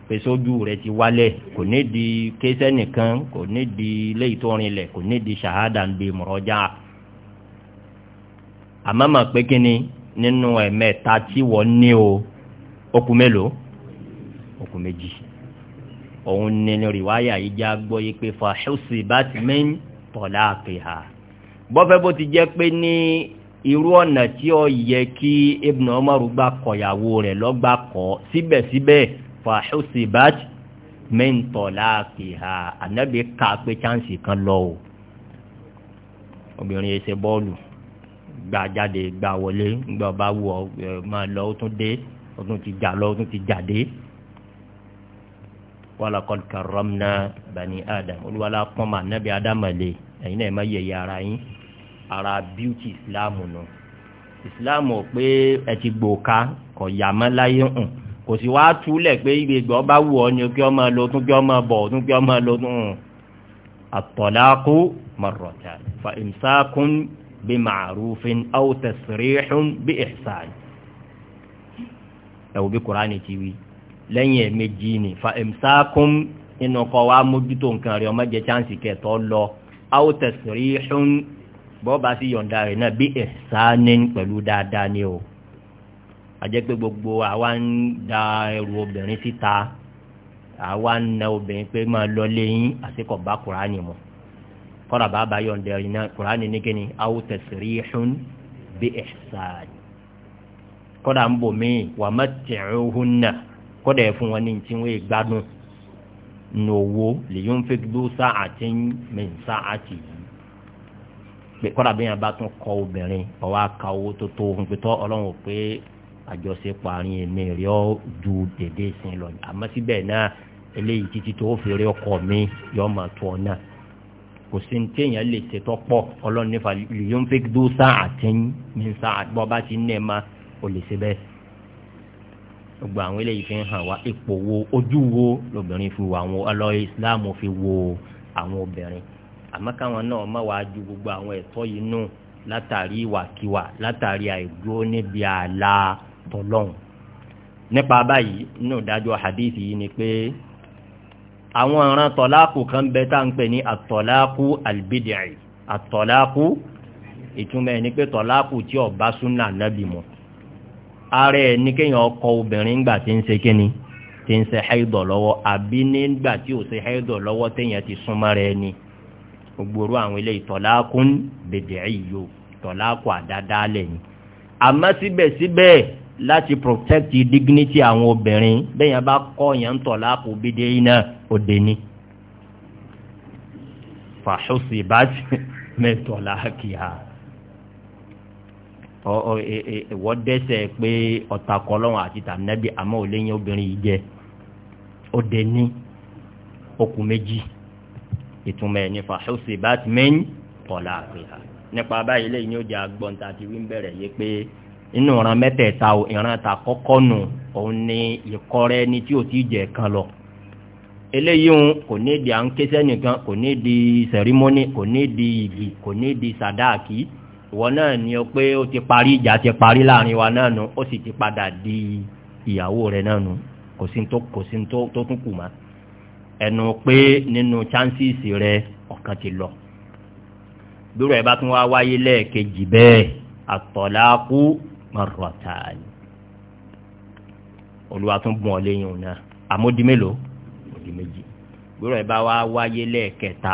pèsòjú rẹ ti wálẹ̀ kò ní di kéṣẹ́ nìkan kò ní di léyìí tó rinlẹ̀ kò ní di ṣahada ń bi mọ̀rọ́jà àmọ́ mà pé kí nínú ẹ̀mẹ́ta tí wọ́n ní o okùn mélòó okùn méjì òun ní rìwáyà yìí já gbọ́ yìí pé fa ṣùsì bá ti mẹ́yìn tọ̀lá ha bọ́fẹ́ bó ti jẹ́ pé ní irú ọ̀nà tí ó yẹ kí ibn Umar gbà kọ̀yàwó rẹ̀ lọ́gbà kọ́ síbẹ̀síbẹ̀ fàṣọ́síbájì mẹ́ńtọ̀ láàkìhà ànábì ká pé chánsì kan lọ o obìnrin ẹsẹ̀ bọ́ọ̀lù gbà jáde gbà wọlé gbà bá wù ọ máa lọ ó tún dé ó tún ti jà lọ ó tún ti jáde wàlá kọ́ karamna bani adam olúwa la pọ́n mà ànábì adam lè ẹ̀yin náà ẹ̀ má yẹ̀yẹ́ ara yín ara bíútì ìsìláàmù nù ìsìláàmù pé ẹ ti gbòòká kò yà mọ́ láyé hàn kò sì wá túlẹ̀ pé ibi ìgbọ́ bá wù ọ́ ni kí ọmọ lo tún kí ọmọ bọ̀ tún kí ọmọ lo tún hàn àtọ̀láàkú mọ̀rọ̀tà fa ìmsákún bí màrúfin aw bí ihsan ẹ̀wù bí kùránì ti wí lẹ́yìn ẹ̀mejì ni fa ìmsákún nínú kọ́ wa mójútó nǹkan rẹ̀ ọmọ chánsì kẹtọ́ lọ aw bọ́ọ̀bá sì yọ̀ǹda rẹ̀ náà bí ẹ̀sánì pẹ̀lú dáadáa ni o àjẹ́ pé gbogbo àwa ń da ẹrù obìnrin síta àwa ń na obìnrin pé máa lọ léyìn àsìkò bá kùránì mu kọ́ra bàbá yọ̀ǹda rẹ̀ náà kùránì ní kíni awo tẹ̀sírí ṣún bí ẹ̀sánì kọ́ra ń bò mí wà má tẹ̀rẹ̀ òhun náà kọ́ra ẹ̀ fún wọn ní tí wọ́n gbádùn nù owó lèyìn fẹ́ gbó sáà tí ń mẹ́ sáà pé kọ́ra bí yẹn bá tún kọ obìnrin ọwọ́ aka owó tó tó ohun pé tọ́ ọlọ́run pé àjọṣepọ̀ àárín èmi rí ọ ju dèdè sin lọ àmọ́ síbẹ̀ náà eléyìí títí tó fi rí ọkọ mi yọ ọ́ máa tó ọ náà kò sí ní téèyàn lè ṣètò pọ̀ ọlọ́run nífa lèyọ́n fi dó sáà àtẹ́yìn ní sáà àtúbọ̀ bá ti ní ẹ̀ máa ò lè ṣe bẹ́ẹ̀ gbogbo àwọn eléyìí fi ń hàn wá ipò wo ojú wo lobìnrin fi wo àwọn ọlọ́ àmọ́ káwọn náà má wàá ju gbogbo àwọn ẹ̀tọ́ yìí nù látàrí ìwàkiwà látàrí àìdúró níbi ààlà tọlọ́hun nípa báyìí nínú ìdájọ́ hadith yìí ni pé àwọn ọ̀ràn tọ̀láàkù kan bẹ tá ń pè ní àtọ̀láàkù albidai àtọ̀láàkù ìtumọ̀ ẹ̀ ni pé tọ̀láàkù tí ó súnà nábì mu ara ẹ̀ ní kéèyàn ọkọ obìnrin ńgbà tí ń ṣe kíni tí ń ṣe haidọ̀ lọ́wọ́ àbí nígbà tí ò ṣe haidọ̀ lọ́wọ́ téèyàn ti súnmọ́ rẹ̀ ni gbogbo àwọn eléyìí tọ́lákùn bèdè ìyó tọ́lákùn àdádálẹ̀ ni àmọ́ síbẹ̀síbẹ̀ láti protect dignity àwọn obìnrin bẹ́ẹ̀ yẹn bá kọ́ yẹn ń tọ́lákùn bèdè yìí náà ó dé ní. fàṣọsì bá ti mẹ́tọ́lá kìá ìwọ́ dẹ́sẹ̀ pé ọ̀tàkọ́ ọlọ́run àti tànẹ́bí àmọ́ ò léyìn obìnrin yìí jẹ́ ó dé ní okùn méjì ìtumọ̀ ẹ̀ nípa ṣọ́ọ̀ṣì bá ti mẹ́yìn kọ̀ọ̀lá àpèyà nípa báyìí lẹ́yìn yóò jẹ́ agbọ́n ta ti wí ń bẹ̀rẹ̀ yé pé inú ìran mẹ́tẹ̀ẹ̀ta ìran ta kọ́kọ́ nù òun ni ìkọ́rẹ́ ni tí ò ti jẹ́ kan lọ eléyìí kò ní di à ń ké sẹ́nìkan kò ní di sẹ̀rímọ́nì kò ní di ìgì kò ní di sàdáàkì ìwọ náà ni ó pé ó ti parí ìjà ti parí láàrin wa náà nù ó sì ti padà di ìyàwó rẹ̀ náà nù kò sí tó kò sí tó tún kù mọ́ ẹnu pé nínú chances rẹ ọ̀kan ti lọ bí rẹ̀ bá tún wá wáyé lẹ́ẹ̀kejì bẹ́ẹ̀ àtọ̀láàkú marratan olùwà tún bùn ọ lẹ́yìn òun náà àmódi mélòó òdi méjì bí rẹ̀ bá wá wáyé lẹ́ẹ̀kẹta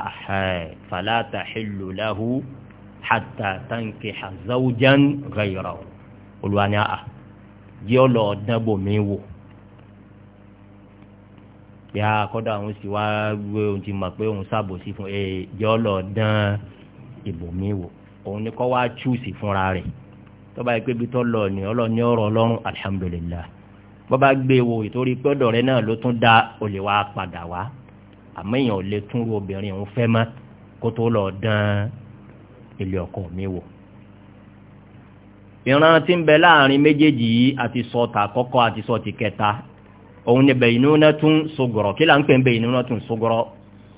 fala tahillu lahu hatta tankiha zawjan ghayrahu olùwà ni àà jẹ́ ọlọ́ọ̀dẹ́bòmí wò pé a ah, kọ́dà òun sì wá gbé òun ti mọ̀ pé òun ṣàbòsí fún ẹ eh, jọ́ lọ dán ìbòmí wò òun ni kọ́ wá chúùsì fúnra rẹ̀ tọ́ba yìí pé bí lọ ní ọlọ́ni ọ̀rọ̀ ọlọ́run alihamudulilayi bọ́ba gbé wo ìtorí pẹ́ọ́dọ̀ rẹ náà ló tún da olè wa padà wá àmọ́ èèyàn ò lè tún ru obìnrin òun fẹ́ mọ́ kó tó lọ dán ilé ọkọ mi wò ìran tí ń bẹ láàrin méjèèjì yìí àti sọ tàkọ́kọ́ àti sọ ti kẹta òun ni bainunatun sughra kí là ń pè ń bainunatun sughra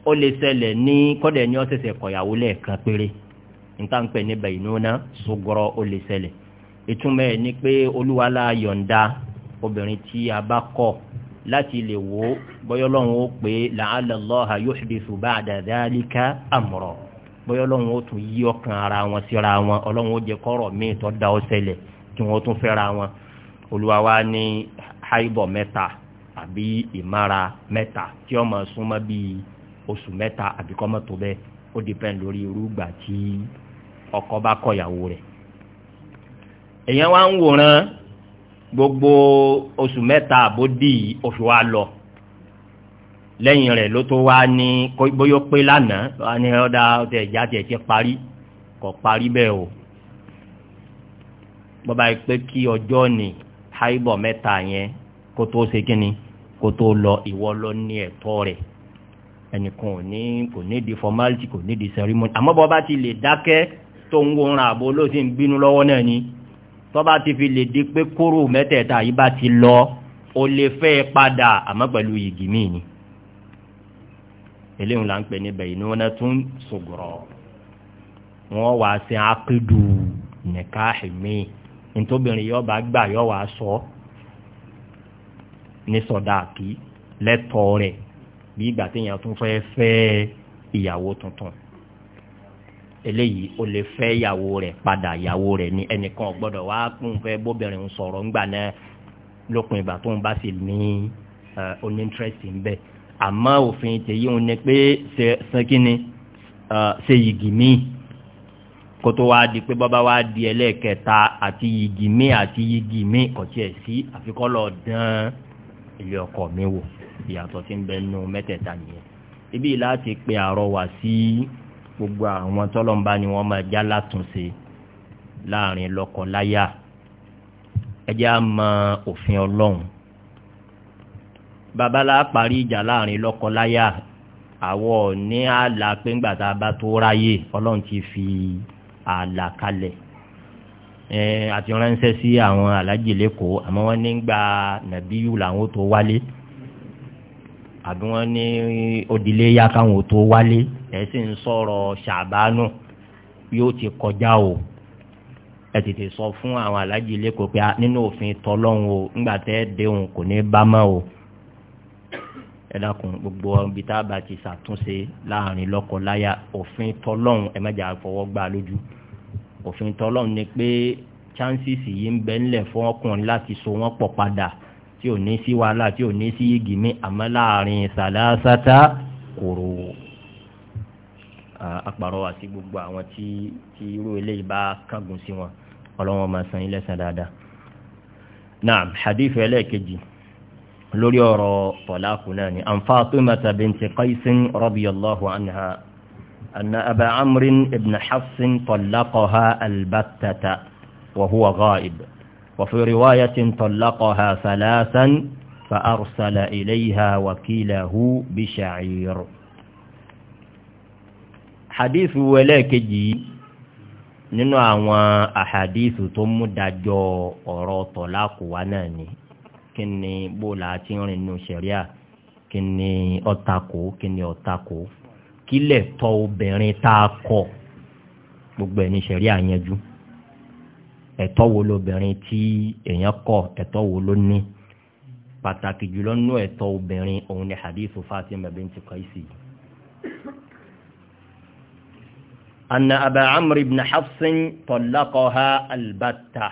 ó lè ṣẹlẹ̀ ní kọ́dẹ̀ ní ọ̀sẹ̀sẹ̀ kọ̀yàwó lẹ́ẹ̀kan péré níta ń pè ní bainuna sughra ó lè ṣẹlẹ̀ ìtumọ̀ ẹ̀ ni pé olúwa la yọ̀ǹda obìnrin tí a bá kọ̀ láti lè wò ó ó pé la'alla Allaha yuhdithu ba'da dhalika amra bọ́yọ́lọ́run ó tún yí ọkàn ara wọn síra wọn àbí ìmára mẹ́ta tí ó máa súnmọ́ bíi oṣù mẹ́ta àbí kò má tó bẹ́ẹ̀ ó depend lórí irúgbà tí ọkọ bá kọ ìyàwó rẹ̀ èèyàn wá ń wòran gbogbo oṣù mẹ́ta àbódì oṣù wa lọ lẹ́yìn rẹ̀ ló tó wá ní bóyá pé lánàá wá ní ọ̀dà ọ̀tẹ̀ ìjà tiẹ̀ ti parí kò parí bẹ́ẹ̀ o bọ́ba yìí pé kí ọjọ́ ni háìbọ̀ mẹ́ta yẹn kó tó ṣe kínni kó tó lọ ìwọ lọ ní ẹ̀tọ́ rẹ̀ ẹnìkan ò ní kò ní di formality kò ní di ceremony àmọ́ bọ́ bá ti lè dákẹ́ tó ń wòran àbò ló sì ń bínú lọ́wọ́ náà ni tó bá ti fi lè di pé kóró mẹ́tẹ̀ẹ̀ta yìí bá ti lọ o lè fẹ́ padà àmọ́ pẹ̀lú yìgì míì ni eléyìí là ń pè níbẹ̀ inú wọn tún sògùrọ̀ wọn wàá sin akédù nìka ẹ̀mí nítòbìnrin yọba gbà yọ wàá sọ. So ní sọdáàkì lẹ́tọ̀ọ́ rẹ̀ bí ìgbà téèyàn tún fẹ́ fẹ́ ìyàwó tuntun eléyìí o lè fẹ́ ìyàwó rẹ̀ padà ìyàwó rẹ̀ ní ẹnìkan gbọ́dọ̀ wá kún fẹ́ bóbìnrin ń sọ̀rọ̀ ńgbà náà lópin ìgbà tóun bá sì ní oníntrẹ́sì ń bẹ̀ àmọ́ òfin tèyí ń ní pé ṣe kí ni ṣe yìgì míì kó tó wá di pé bọ́bá wá di ẹlẹ́ẹ̀kẹta àti yìgì míì àti yìgì míì kò tiẹ̀ sí àfikọ́ lọ dán ilé ọkọ mi wò ìyàtọ̀ tí ń bẹ nínú mẹ́tẹ̀ẹ̀ta nìyẹn ibi láti pe àrọwà sí gbogbo àwọn tọ́lọ́mbá ni wọ́n máa já látúnṣe láàrin lọ́kọ-láyà ẹ jẹ́ á mọ òfin ọlọ́run babalá parí ìjà láàrin lọ́kọ-láyà àwọ̀ ní àlà pé ńgbà tá a bá tó ráyè ọlọ́run ti fi àlà kalẹ̀ àti ránṣẹ́ sí àwọn alájì lẹ́kọ̀ọ́ àmọ́ wọ́n ní gba nàbíyù làwọn tó wálé àbí wọ́n ní òdìlé yá káwọn tó wálé ẹ̀ sì ń sọ̀rọ̀ ṣàbánù yóò ti kọjá o ẹ tètè sọ fún àwọn alájì lẹ́kọ̀ọ́ pé nínú òfin tọ́lọ́hún o ńgbà tẹ́ déhùn kò ní bá mọ́ o ẹ dákun gbogbo ibi tá a bá ti ṣàtúnṣe láàrin lọ́kọ láya òfin tọ́lọ́hún ẹ má jà fọwọ́ gbà lójú òfin tọ́lọ́run ni pé chances yìí ń bẹ ńlẹ̀ fún ọkùnrin láti so wọ́n pọ̀ padà tí ò ní sí wàhálà tí ò ní sí igi mi àmọ́ láàrin sàlásátá kòrò àpàrọ̀ àti gbogbo àwọn tí tí irú eléyìí bá kángun sí wọn ọlọ́wọ́n máa san ilé san dáadáa. naam hadith ẹlẹ́ẹ̀kejì lórí ọ̀rọ̀ tọ̀láàkù náà ni an Fatimata binti Qaisin radiyallahu anha. أن أبا عمرو بن حفص طلقها البتة وهو غائب وفي رواية طلقها ثلاثا فأرسل إليها وكيله بشعير حديث ولاك جي nínú àwọn àhàdíìsù tó mú dájọ́ ọ̀rọ̀ tọ̀láàkù wá náà ni kí ni bóòlà ti ń ṣẹ̀ríà kí ni ọ̀tàkù kí ni ọ̀tàkù kílẹ̀ tọ́ obìnrin tá a kọ gbogbo ẹni ṣẹ̀rí àyànjú ẹ̀tọ́ wo lobìnrin tí èèyàn kọ ẹ̀tọ́ wo ló ní pàtàkì jùlọ nínú ẹ̀tọ́ obìnrin òun ni hadithu Fatima binti Qaisi. أن أبا عمرو بن حفص طلقها البتة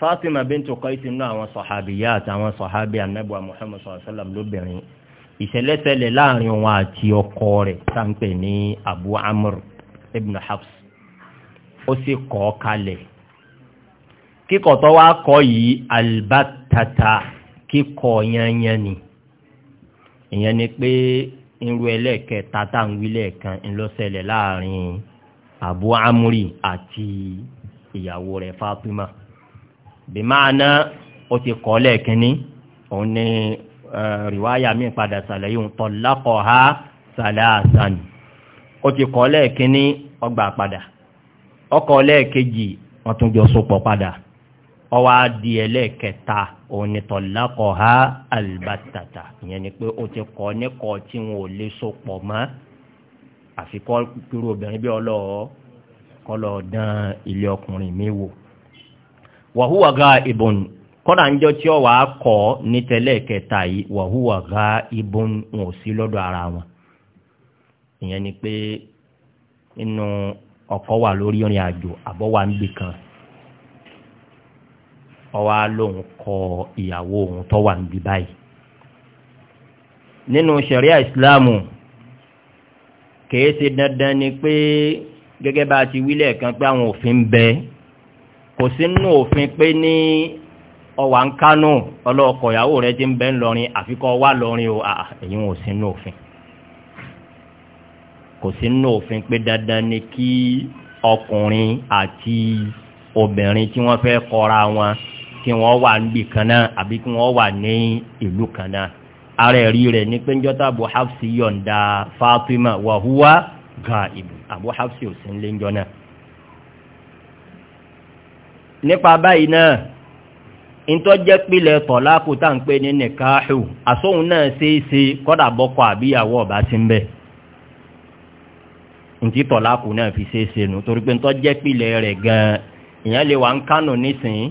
فاطمة بنت قيس نوع وصحابيات وصحابي النبوة محمد صلى الله عليه وسلم لبنين ìṣẹ̀lẹ̀ṣẹlẹ̀ láàrin wọn àti ọkọ rẹ̀ sáńpẹ̀ ní abu amr ibn Habs ó sì kọ́ kalẹ̀ kíkọ̀ tó wá kọ́ yìí albatata kíkọ̀ yanyan ni ìyẹn ni pé irú ẹlẹ́ẹ̀kẹta tá ń wílẹ̀ kan ńlọ́ṣẹlẹ̀ láàrin abu amri àti ìyàwó rẹ̀ fatima bí máa ná ó ti kọ́ lẹ́ẹ̀kínní òun ni rìwáyà mi padà sàlẹ̀ yìí ń tọ́ lákọ̀ ha sàlẹ̀ àsàn ó ti kọ́ lẹ́ẹ̀kínní ọgbà padà ọkọ̀ lẹ́ẹ̀kejì wọ́n tún jọ sopọ̀ padà ọwọ́ adi ẹlẹ́ẹ̀kẹta òun ni tọ́lákọ̀ albatata ìyẹn ni pé ó ti kọ́ níkọ̀ tí wọn ò lè sopọ̀ mọ́ àfikọ́ kúrò obìnrin bí ọlọ́ọ̀ kọ́lọ̀ dán ilé ọkùnrin mi wò wàhúwàgá ìbọn kọ́dà ń jọ tí ọ wàá kọ́ ní tẹ́lẹ̀ kẹta yìí wàhúwà gá ibùn wọn ò sí lọ́dọ̀ ara wọn ìyẹn ni pé inú ọkọ̀ wà lórí ìrìn àjò àbọ̀ wà ń bì kan ọwọ́ lòun kọ ìyàwó òun tó wà ń bì báyìí nínú ṣẹ̀ríà ìsìláàmù kìí ṣe dandan ni pé gẹ́gẹ́ bá a ti wílẹ̀ kan pé àwọn òfin bẹ kò sínú òfin pé ní ọwà ń kánú ọlọ́ọ̀kọ̀ ìyàwó rẹ ti ń bẹ́ ńlọrin àfikọ́ wà lọrin o èyí wọn ò sí nínú òfin kò sí nínú òfin pé dandan ni kí ọkùnrin àti obìnrin tí wọ́n fẹ́ kọra wọn kí wọ́n wà níbì kan náà àbí kí wọ́n wà ní ìlú kan náà ara ẹ̀rí rẹ̀ ní pé njọ́ta abu hafsi yọ̀ǹda fatima wàhúwá ga ìbù abu hafsi ò sí nílé njọ́ náà nípa báyìí náà ìtọ́jẹ́ pílẹ̀ tọ̀láàkù tá ń pè ní nìkáàhù àsóhun náà ṣe é ṣe kọ́dà bọ́kọ àbíyàwó ọ̀bá ti ń bẹ̀ ntí tọ̀láàkù náà fi ṣe é ṣe nù torí pé ìtọ́jẹ́ pílẹ̀ rẹ̀ gan-an ìyẹn lè wà ń kánò nísìnyí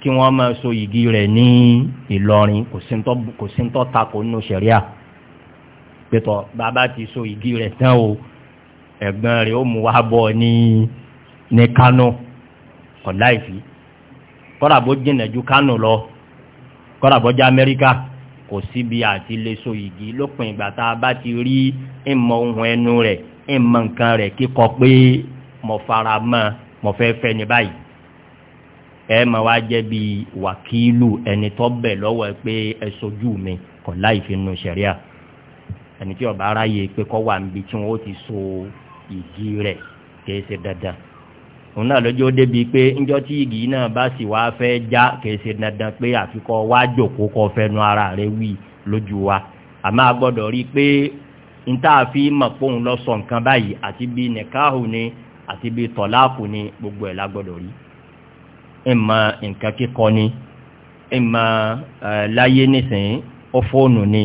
kí wọ́n máa so yìgì rẹ̀ ní Ìlọrin kò sí ń takò nínú ṣẹ̀ríà pẹ̀tọ̀ bàbá ti so yìgì rẹ̀ tán o ẹ̀gbọ́n rẹ̀ ó mú wá bọ̀ ní ní kánò ọ̀láìfì kọ́dà bó jìnnà ju kánò lọ kọ́dà bó jẹ́ amẹ́ríkà kò síbi àti lè so igi lópin ìgbà tá a bá ti rí ìmọ̀ ohun ẹnu rẹ̀ ìmọ̀ nǹkan rẹ̀ kíkọ pé mo fara mọ́ mo fẹ́ fẹ́ ní báyìí ẹ máa wá jẹ́ bí wàkílù ẹni tó bẹ̀ lọ́wọ́ ẹ pé ẹ sojú mi kọ̀ láì fi nu sẹ̀ríà ẹni tí ọba aráyè pé kọ́ wà níbi tí wọ́n ti so igi rẹ̀ kì í ṣe dandan. òun náà lọ́jọ́ débi pé tí igi náà bá sì wá fẹ́ já kìí dandan pé àfikọ́ wá jòkó kọ́ ara rẹ̀ wí wa a gbọ́dọ̀ rí i pé fi mọ̀ pé òun lọ sọ nǹkan báyìí àti bí nìkáhù ni àti bí tọ̀láàkù ni gbogbo ẹ̀ la gbọ́dọ̀ rí nǹkan kíkọ ni ịma láyé nísìnyí ó fóònù ni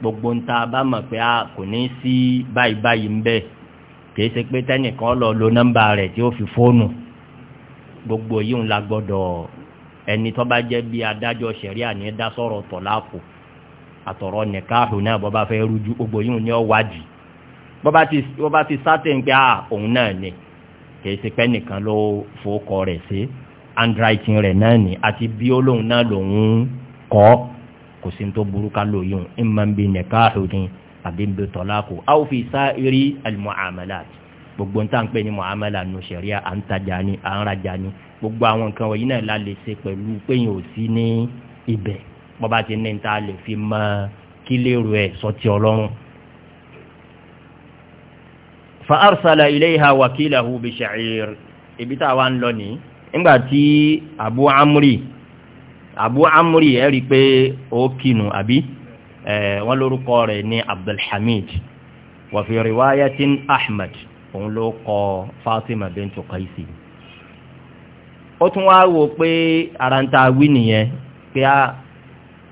gbogbo ń bá mọ̀ pé a kò ní sí báyìí kìí ṣe pé tẹ́nìkan lọ lo nọ́mbà rẹ̀ tí ó fi fóònù gbogbo yìí ń la gbọ́dọ̀ ẹni tó bá jẹ́ bí adájọ́ ṣẹ̀ríà ní dá sọ̀rọ̀ tọ̀láàpù àtọ̀rọ̀ nìkáàhùn náà bọ́ bá fẹ́ rújú gbogbo yìí ní ọ̀wádìí bọ́ bá ti sátẹ̀ pé à òun náà ni kìí ṣe pé nìkan ló fowókọ rẹ̀ sí handwriting rẹ̀ náà ni àti bí olóhùn náà lòun kọ́ kò sí ní tó burú ká ìmọ̀ ń bi ni àbí ń bẹ tọ́láàkù aw fi sa'iri al-mu'amalat gbogbo ń tà ń pè ní mu'amala nù sẹ̀ríà à ń tajà ni à ń rajà ni gbogbo àwọn nǹkan wọ̀nyí náà la lè ṣe pẹ̀lú péyìn ò sí ní ibẹ̀ bọ́ba ti ní ta lè fi mọ kí ẹ̀ sọtì ọlọ́run. fa arsala ilayha wakilahu bi sha'ir ibi tá a wá ń lọ ní nígbà tí abu amri abu amri ẹ̀ rí i pé ó kinu àbí. Eh, wọ́n lórúkọ rẹ̀ ní Abdulhamid wa fi riwayatin Ahmad òun ló kọ Fatima bintu tukaisi ó tún wá wò pé ara ń ta wí nìyẹn pé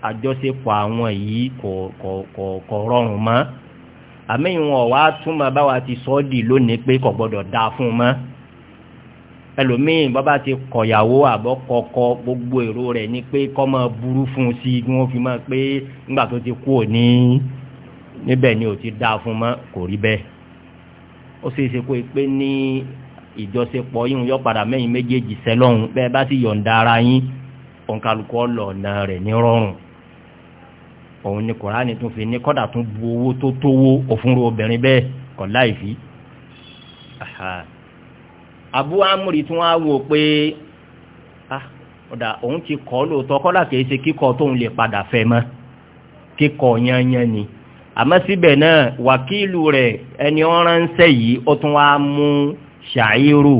àjọṣepọ̀ àwọn yìí kò kò kò kò rọrùn mọ́ àmì ìwọ̀n wá túmọ̀ báwa ti sọ́ lónìí pé kò gbọ́dọ̀ dáa fún un mọ́. ẹlòmíì bàbá ti kọ̀yàwó àbọ̀ kọ̀kọ́ gbogbo èrò rẹ̀ ni pé kọ́ máa burú fún un sí i kí wọ́n fi máa pé nígbà tó ti kú òní níbẹ̀ ni ò ti dáa fún mọ́ kò rí bẹ́ẹ̀ ó sì ṣe kó pé ní ìjọsepọ̀ yín yọ padà mẹ́yìn méjèèjì sẹ́lọ́hún bẹ́ẹ̀ bá sì yọ̀ǹda ara yín òǹkàlùkọ́ lọ̀nà rẹ̀ ní rọrùn òun ni kòránì tún fi ní kọ́dà tún bu owó tó tówó òfúnrú obìnrin bẹ́ẹ̀ kọ̀ láì fi abu amúri tí wọ́n á wò pé ah, ọ̀dà òun ti kọ́ lóòótọ́ kọ́dà kìí ṣe kíkọ́ tóun lè padà fẹ́ mọ́ kíkọ́ yanyan ni àmọ́ síbẹ̀ náà wàkílù rẹ̀ ẹni ọ̀ràn ń sẹ́ yìí ó tún wá mú ṣàìrù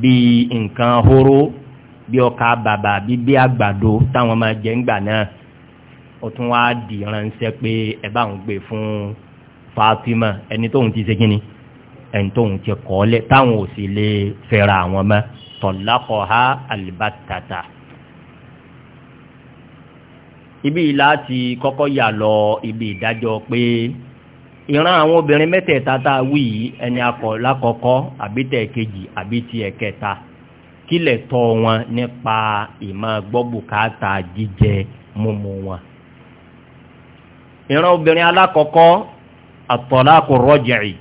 bíi nǹkan horo bí ọkà bàbà bíbí àgbàdo táwọn máa jẹ ńgbà náà ó tún wá dì ránṣẹ́ pé ẹ bá ń gbé fún Fatima ẹni tóun ti ṣe kínni ẹ̀ńtọ́hún ti kọ́ lẹ̀ táwọn ò sì lè fẹ́ra àwọn mọ́ tọ̀lákọ̀ ha àlìbátàtà. ibi láti kọ́kọ́ yà lọ ibi ìdájọ́ pé ìran àwọn obìnrin mẹ́tẹ̀ẹ̀ta tá a wí yìí ẹni akọ̀ lákọ̀ọ́kọ́ àbí tẹ̀ kejì àbí tiẹ̀ kẹta kílẹ̀ tọ́ wọn nípa ìmọ̀ gbọ́bùkátà jíjẹ mímu wọn. ìran obìnrin alákọ̀ọ́kọ́ àtọ̀lákọ̀ rọ́jẹ̀rì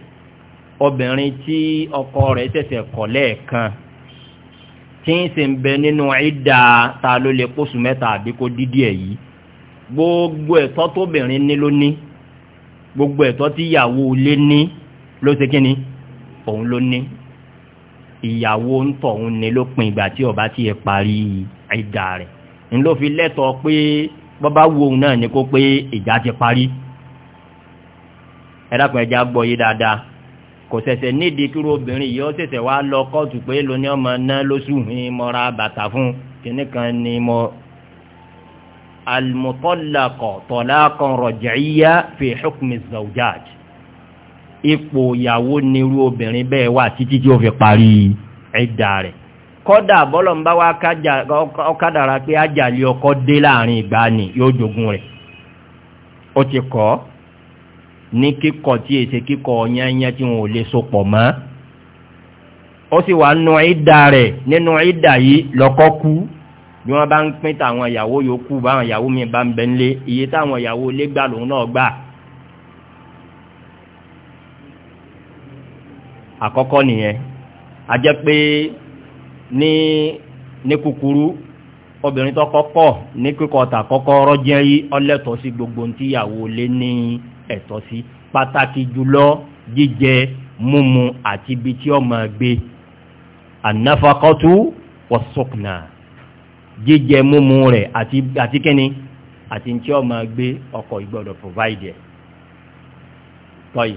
obìnrin tí ọkọ rẹ̀ ṣẹ̀ṣẹ̀ kọ̀ lẹ́ẹ̀kan tí ń sì ń bẹ nínú ìdá ta ló lè pósù mẹ́ta àbí kó dídí ẹ̀ yìí gbogbo ẹ̀tọ́ tóbìnrin ní ló ní gbogbo ẹ̀tọ́ tí ìyàwó ilé ní ló ṣe kí ni òun ló ní ìyàwó ń tọ̀ òun ní lópin ìgbà tí ó ti parí ìdá rẹ̀ ń ló fi lẹ́tọ̀ọ́ pé bọ́bá wo òun náà ni kó pé ìjà ti parí ẹ̀dàkùn ẹja gbọ́ yé dáadáa kò ṣẹ̀ṣẹ̀ nídìí kí obìnrin yìí ó ṣẹ̀ṣẹ̀ wá lọ kóòtù pé lóní ọmọ náà lóṣù ní mo ra bàtà fún kíní kan ni mo almutallaqo talaqan raj'iyya fi hukmi zawjat ipò ìyàwó nírú obìnrin bẹ́ẹ̀ wà títí tí ó fi parí ẹ̀dà rẹ̀ kọ́dà bọ́lọ̀ ń bá pé ájàlí ọkọ dé láàrin ìgbà ni yóò jogun rẹ̀ ó ti kọ́ ọ́ ní kíkọ̀ tí èsè kíkọ̀ yányá tí wọn ò lè sopọ̀ mọ́ ó sì wà nù ìdá rẹ̀ nínú ìdá yìí lọ́kọ́ kú bí wọ́n bá ń pín tàwọn ìyàwó yòókù báwọn ìyàwó mi bá ń bẹ iye táwọn ìyàwó ilé gbà lòun náà gbà àkọ́kọ́ nìyẹn a jẹ́ pé ní ní kúkúrú obìnrin tó kọ́kọ́ ní kíkọ́ tà kọ́kọ́ rọ́jẹ́ yìí ọlẹ́tọ̀ọ́ sí gbogbo ní tíyàwó lé ní ẹ̀tọ́ sí pàtàkì jùlọ jíjẹ mímu àti ibi tí ó máa gbé ànáfàkọ́tù wọ́sọ̀kùnà jíjẹ mímu rẹ̀ àti kíni àti tí ó máa gbé ọkọ̀ ìgbọ́dọ̀ provide ẹ̀ tọ́yì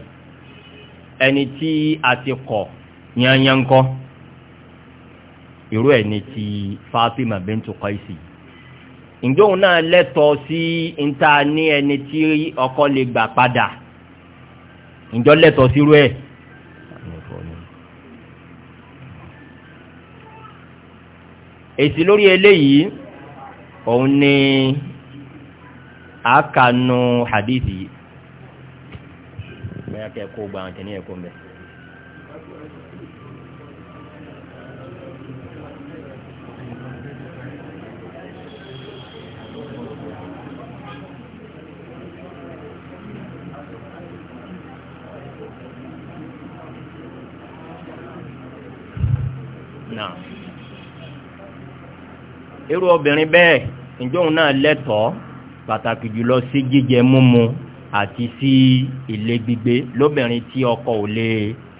ẹni tí a ti kọ̀ yanyankọ́ irú ẹ̀ ni ti Fatima bintu ǹjẹ́ òun náà lẹ́tọ̀ọ́ sí níta ní ẹni tí ọkọ lè gbà padà ǹjọ́ lẹ́tọ̀ọ́ sírú ẹ̀. èsì lórí eléyìí òun ni àákànú hadithi bẹ́ẹ̀ kẹ́ kó gba ẹ̀kọ́ náà irú obìnrin bẹ́ẹ̀ ǹjẹ́ òun náà lẹ́tọ̀ọ́ pàtàkì jùlọ sí jíjẹ múmu àti sí ilé gbígbé lóbìnrin tí ọkọ ò lè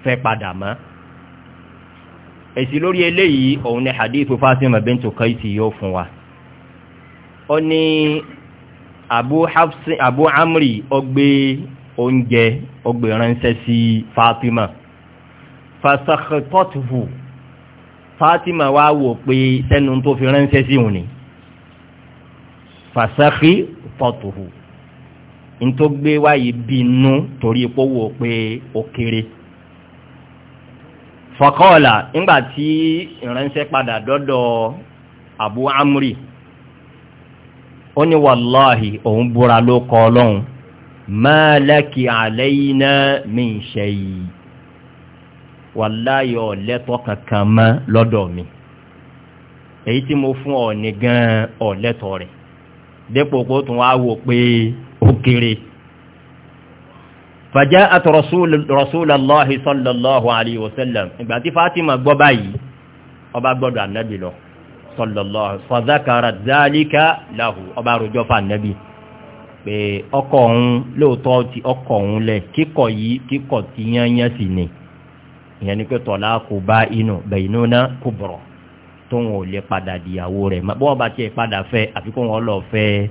fẹ́ padà mọ́ èsì lórí eléyìí òun ni hadith Fatima bintu Qaisi yóò fún wa ó ní abu hafsi abu amri ó gbé oúnjẹ ó gbé ránṣẹ́ sí Fatima fasakhatotuhu Fatima wá wò pé sẹ́nu tó fi ránṣẹ́ sí òun ni fàṣẹ́kì tọ̀tùhù ntọ́gbé wáyé bínú torí ipò wò pé ó kéré fọkọ́ọ̀là ńgbà tí ìránṣẹ́ padà dọ́dọ̀ Abu Amri ó ní wàláhì òun búra ló kọ ọlọ́run ma laki alayna min shay yìí wàláyọ̀ ọ̀lẹ́tọ̀ kankan mọ́ lọ́dọ̀ mi èyí tí mo fún ọ ní gan ọ̀lẹ́tọ̀ rẹ̀ dépò kó tún wá wò pé ó kéré. فجاءت رسول رسول الله صلى الله عليه وسلم ìgbàtí Fatima gbọ́ báyìí ó gbọ́dọ̀ Ànábì lọ صلى الله فذكرت ذلك له ó bá Ànábì pé ọkọ òun lóòótọ́ ti ọkọ òun lẹ̀ kíkọ̀ yìí kíkọ̀ ti yányán sí ni ìyẹn ni pé tọ̀lá kò bá inú bẹ̀yìnú náà kò bọ̀rọ̀ tó wọn lè padà dìyàwó rẹ̀ bọ́ọ̀ bá tiẹ̀ padà fẹ́ àfi kó wọn lọ fẹ́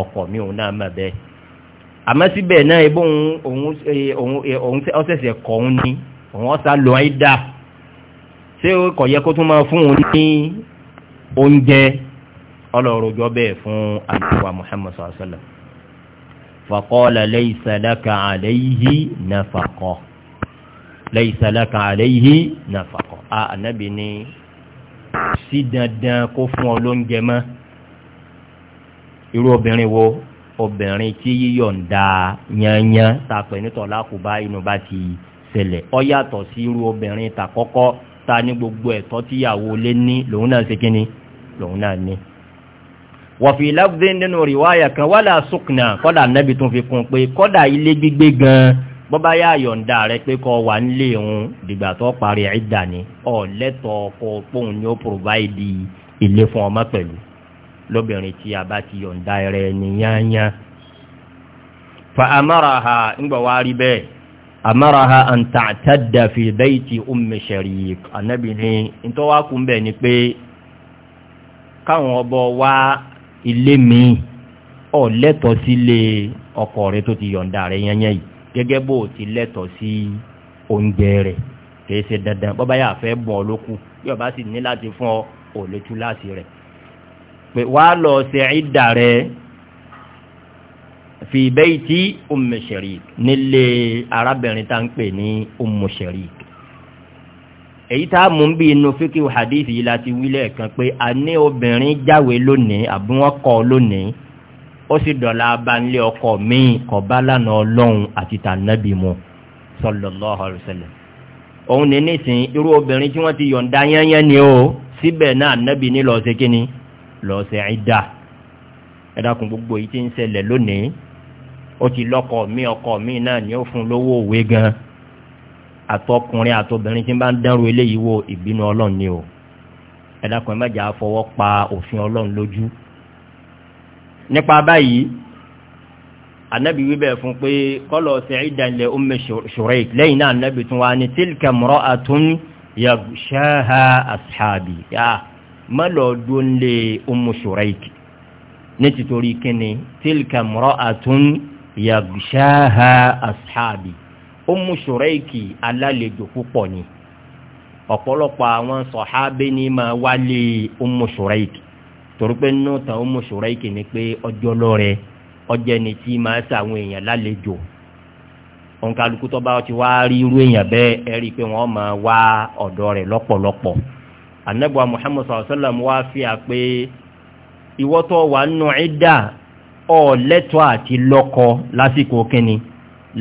ọkọ mi òun náà mọ̀ bẹ́ẹ̀ àmọ́ síbẹ̀ náà ebó òun ọ̀sẹ̀sẹ̀ e, e, kọ̀ òun ni òun ọ̀sà lọ àìdá ṣé kò yẹ kó tún máa fún òun ní oúnjẹ ọlọ́rọ̀jọ́ bẹ́ẹ̀ fún àdúrà Muhammad sallallahu alaihi wasallam faqala laysa laka alayhi laysa laka alayhi nafaqa a ànábì ní sí dandan kó fún ọ lóúnjẹ mọ́ irú obìnrin wo obìnrin tí yíyọ̀ǹda yanyan ta pè nítọ̀ lákùbá inú bá ti ṣẹlẹ̀ ọ yàtọ̀ sí irú obìnrin ta kọ́kọ́ ta ní gbogbo ẹ̀tọ́ tíyàwó lé ní lòun náà ṣe kíni lòun náà ní wọ̀fì lafdin nínú rìwáyà kan wala sukna kọ́dà nẹ́bi tún fi kún pé kọ́dà ilé gbígbé gan-an bọ́bá yá yọ̀ǹda rẹ pé kọ́ wà ń lé òun dìgbà tó parí ìdà ni ọ̀ lẹ́tọ̀ọ́ kọ́ póun ni ó pòrọ̀váìdì ilé fún ọmọ tí a bá ti yọ̀ǹda rẹ̀ ní yányá. fa amáraha ńgbà wá rí bẹ́ẹ̀ ha an ta'tadda fi bayti ummi sharik ànábì ní nítorí ọbọ wá ilé mi sílé ti yọ̀ǹda yányá gẹ́gẹ́ bó o ti lẹ́tọ̀ọ́ sí oúnjẹ rẹ̀ kìí ṣe dandan bọ́bá yà fẹ́ bọ̀ ọ́ lókù yóò bá sì ní láti fún ọ ò lè tú láti rẹ̀ pé wà á lọ ṣe ìdà rẹ̀ fi bayti Umm Sharik nílé arábìnrin tá ń pè ní Umm Sharik èyí tá a mú bí inú fíkì hadith yìí láti wílẹ̀ kan pé a ní obìnrin jáwé lónìí àbí wọ́n kọ́ lónìí ó sì dọ̀la abanlé ọkọ míì kọ̀bá lánàá ọlọ́run àti tànàbí mu sallallahu alaihi òun ní nísìnyí irú obìnrin tí wọ́n ti yọ̀ǹda yẹ́nyẹ́ ni o síbẹ̀ náà nàbí ní lọ́ọ̀sẹ̀ lọ se ìdá ẹ̀dàkùn gbogbo yìí ti ń ṣẹlẹ̀ lónìí ó ti lọ́kọ mi ọkọ mi náà ni ó fún lówó òwe gan àtọkùnrin àtobìnrin tí ń bá ń eléyìí wo ìbínú ọlọ́run ni o ẹ̀ nípa báyìí anabi wíbẹ̀ fún pé kọ́lọ̀ sí ìdánilẹ̀ Umm Shuraik lẹ́yìn náà anabi tún wá ní tilka imra'atun yaghshaha ashabi yá mọ́lọ̀ọ́dún lè Umm Shuraik ní títorí kíni tilka imra'atun yaghshaha ashabi Umm Shuraik alálejò púpọ̀ ni ọ̀pọ̀lọpọ̀ àwọn sọ̀hábẹ́ ni máa wálé Umm Shuraik torípé nínú ta ó mọ̀ṣọ́ra yìí kìíní pé ọjọ́ lọ́rẹ ọjọ́ ẹni tí máa ṣe àwọn èèyàn lálejò òun kálukú tó bá ti wá rí irú èèyàn bẹ́ẹ̀ ẹ rí i pé wọ́n máa wá ọ̀dọ̀ rẹ̀ lọ́pọ̀lọpọ̀ anagba sallallahu wa sallam wá fi hàn pé ìwọ́tọ̀ wà nù àti lọ́kọ lásìkò kínní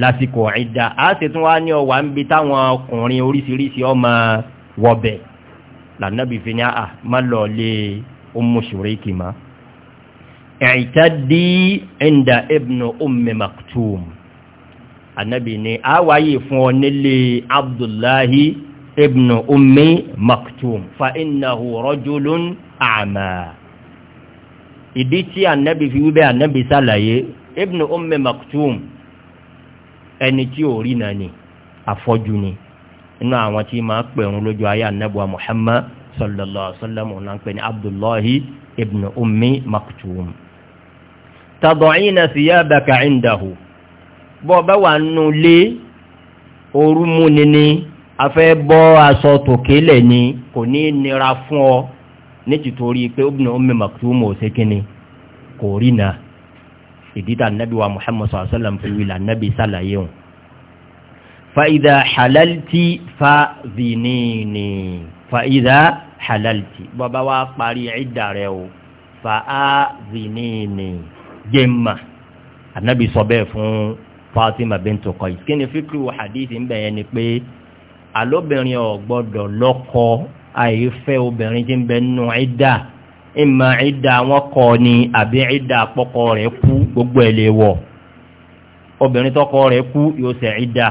lásìkò a sì tún wá ní ọwà táwọn ọkùnrin oríṣiríṣi ọmọ wọbẹ̀ ní má lọ e. ummu shuriki ma i'taddi inda ibnu ummi maktum anabi ni a wáyé fún ọ nílé abdullahi ibnu ummi maktum fa innahu rajulun a'ma ìdí tí anabi fi wíbẹ̀ anabi sàlàyé ibnu ummi maktum ẹni tí ò rí nani afọ́jú ni inú àwọn tí máa pẹ̀rún lójú ayé anabi wa muhammad sallallahu alaihi wasallam ọ̀nà ń pè ní abdullahi ibn ummi maktum tad'ina thiyabaka indahu bọ́ ọ bá wà nù lé orú mú ni ni afẹ́ bọ́ aṣọ tòkélẹ̀ ni kò ní nira fún ọ ní tìtorí pé ibn ummi maktum ò ṣe kíni kò rí náà ìdídà nàbí wa muhammad sallallahu alaihi fi wí là nàbí fa idha halalti fa dhinini fa ìdá halalti bọ́bá wá parí ìdá rẹ̀ o fa á zinini jẹ́mà anabi sọ bẹ́ẹ̀ fún Fatima bintu Qais kí ni fíkìrì wò hadith ń bẹ̀yẹn ni pé alóbìnrin ò gbọ́dọ̀ lọ́kọ àìfẹ́ obìnrin tí ń bẹ nù ìdá ìmọ̀ ìdá wọn kọ ni àbí ìdá àpọ̀kọ rẹ̀ kú gbogbo ẹ̀ lè wọ̀ obìnrin tọkọ rẹ̀ kú yóò ṣe ìdá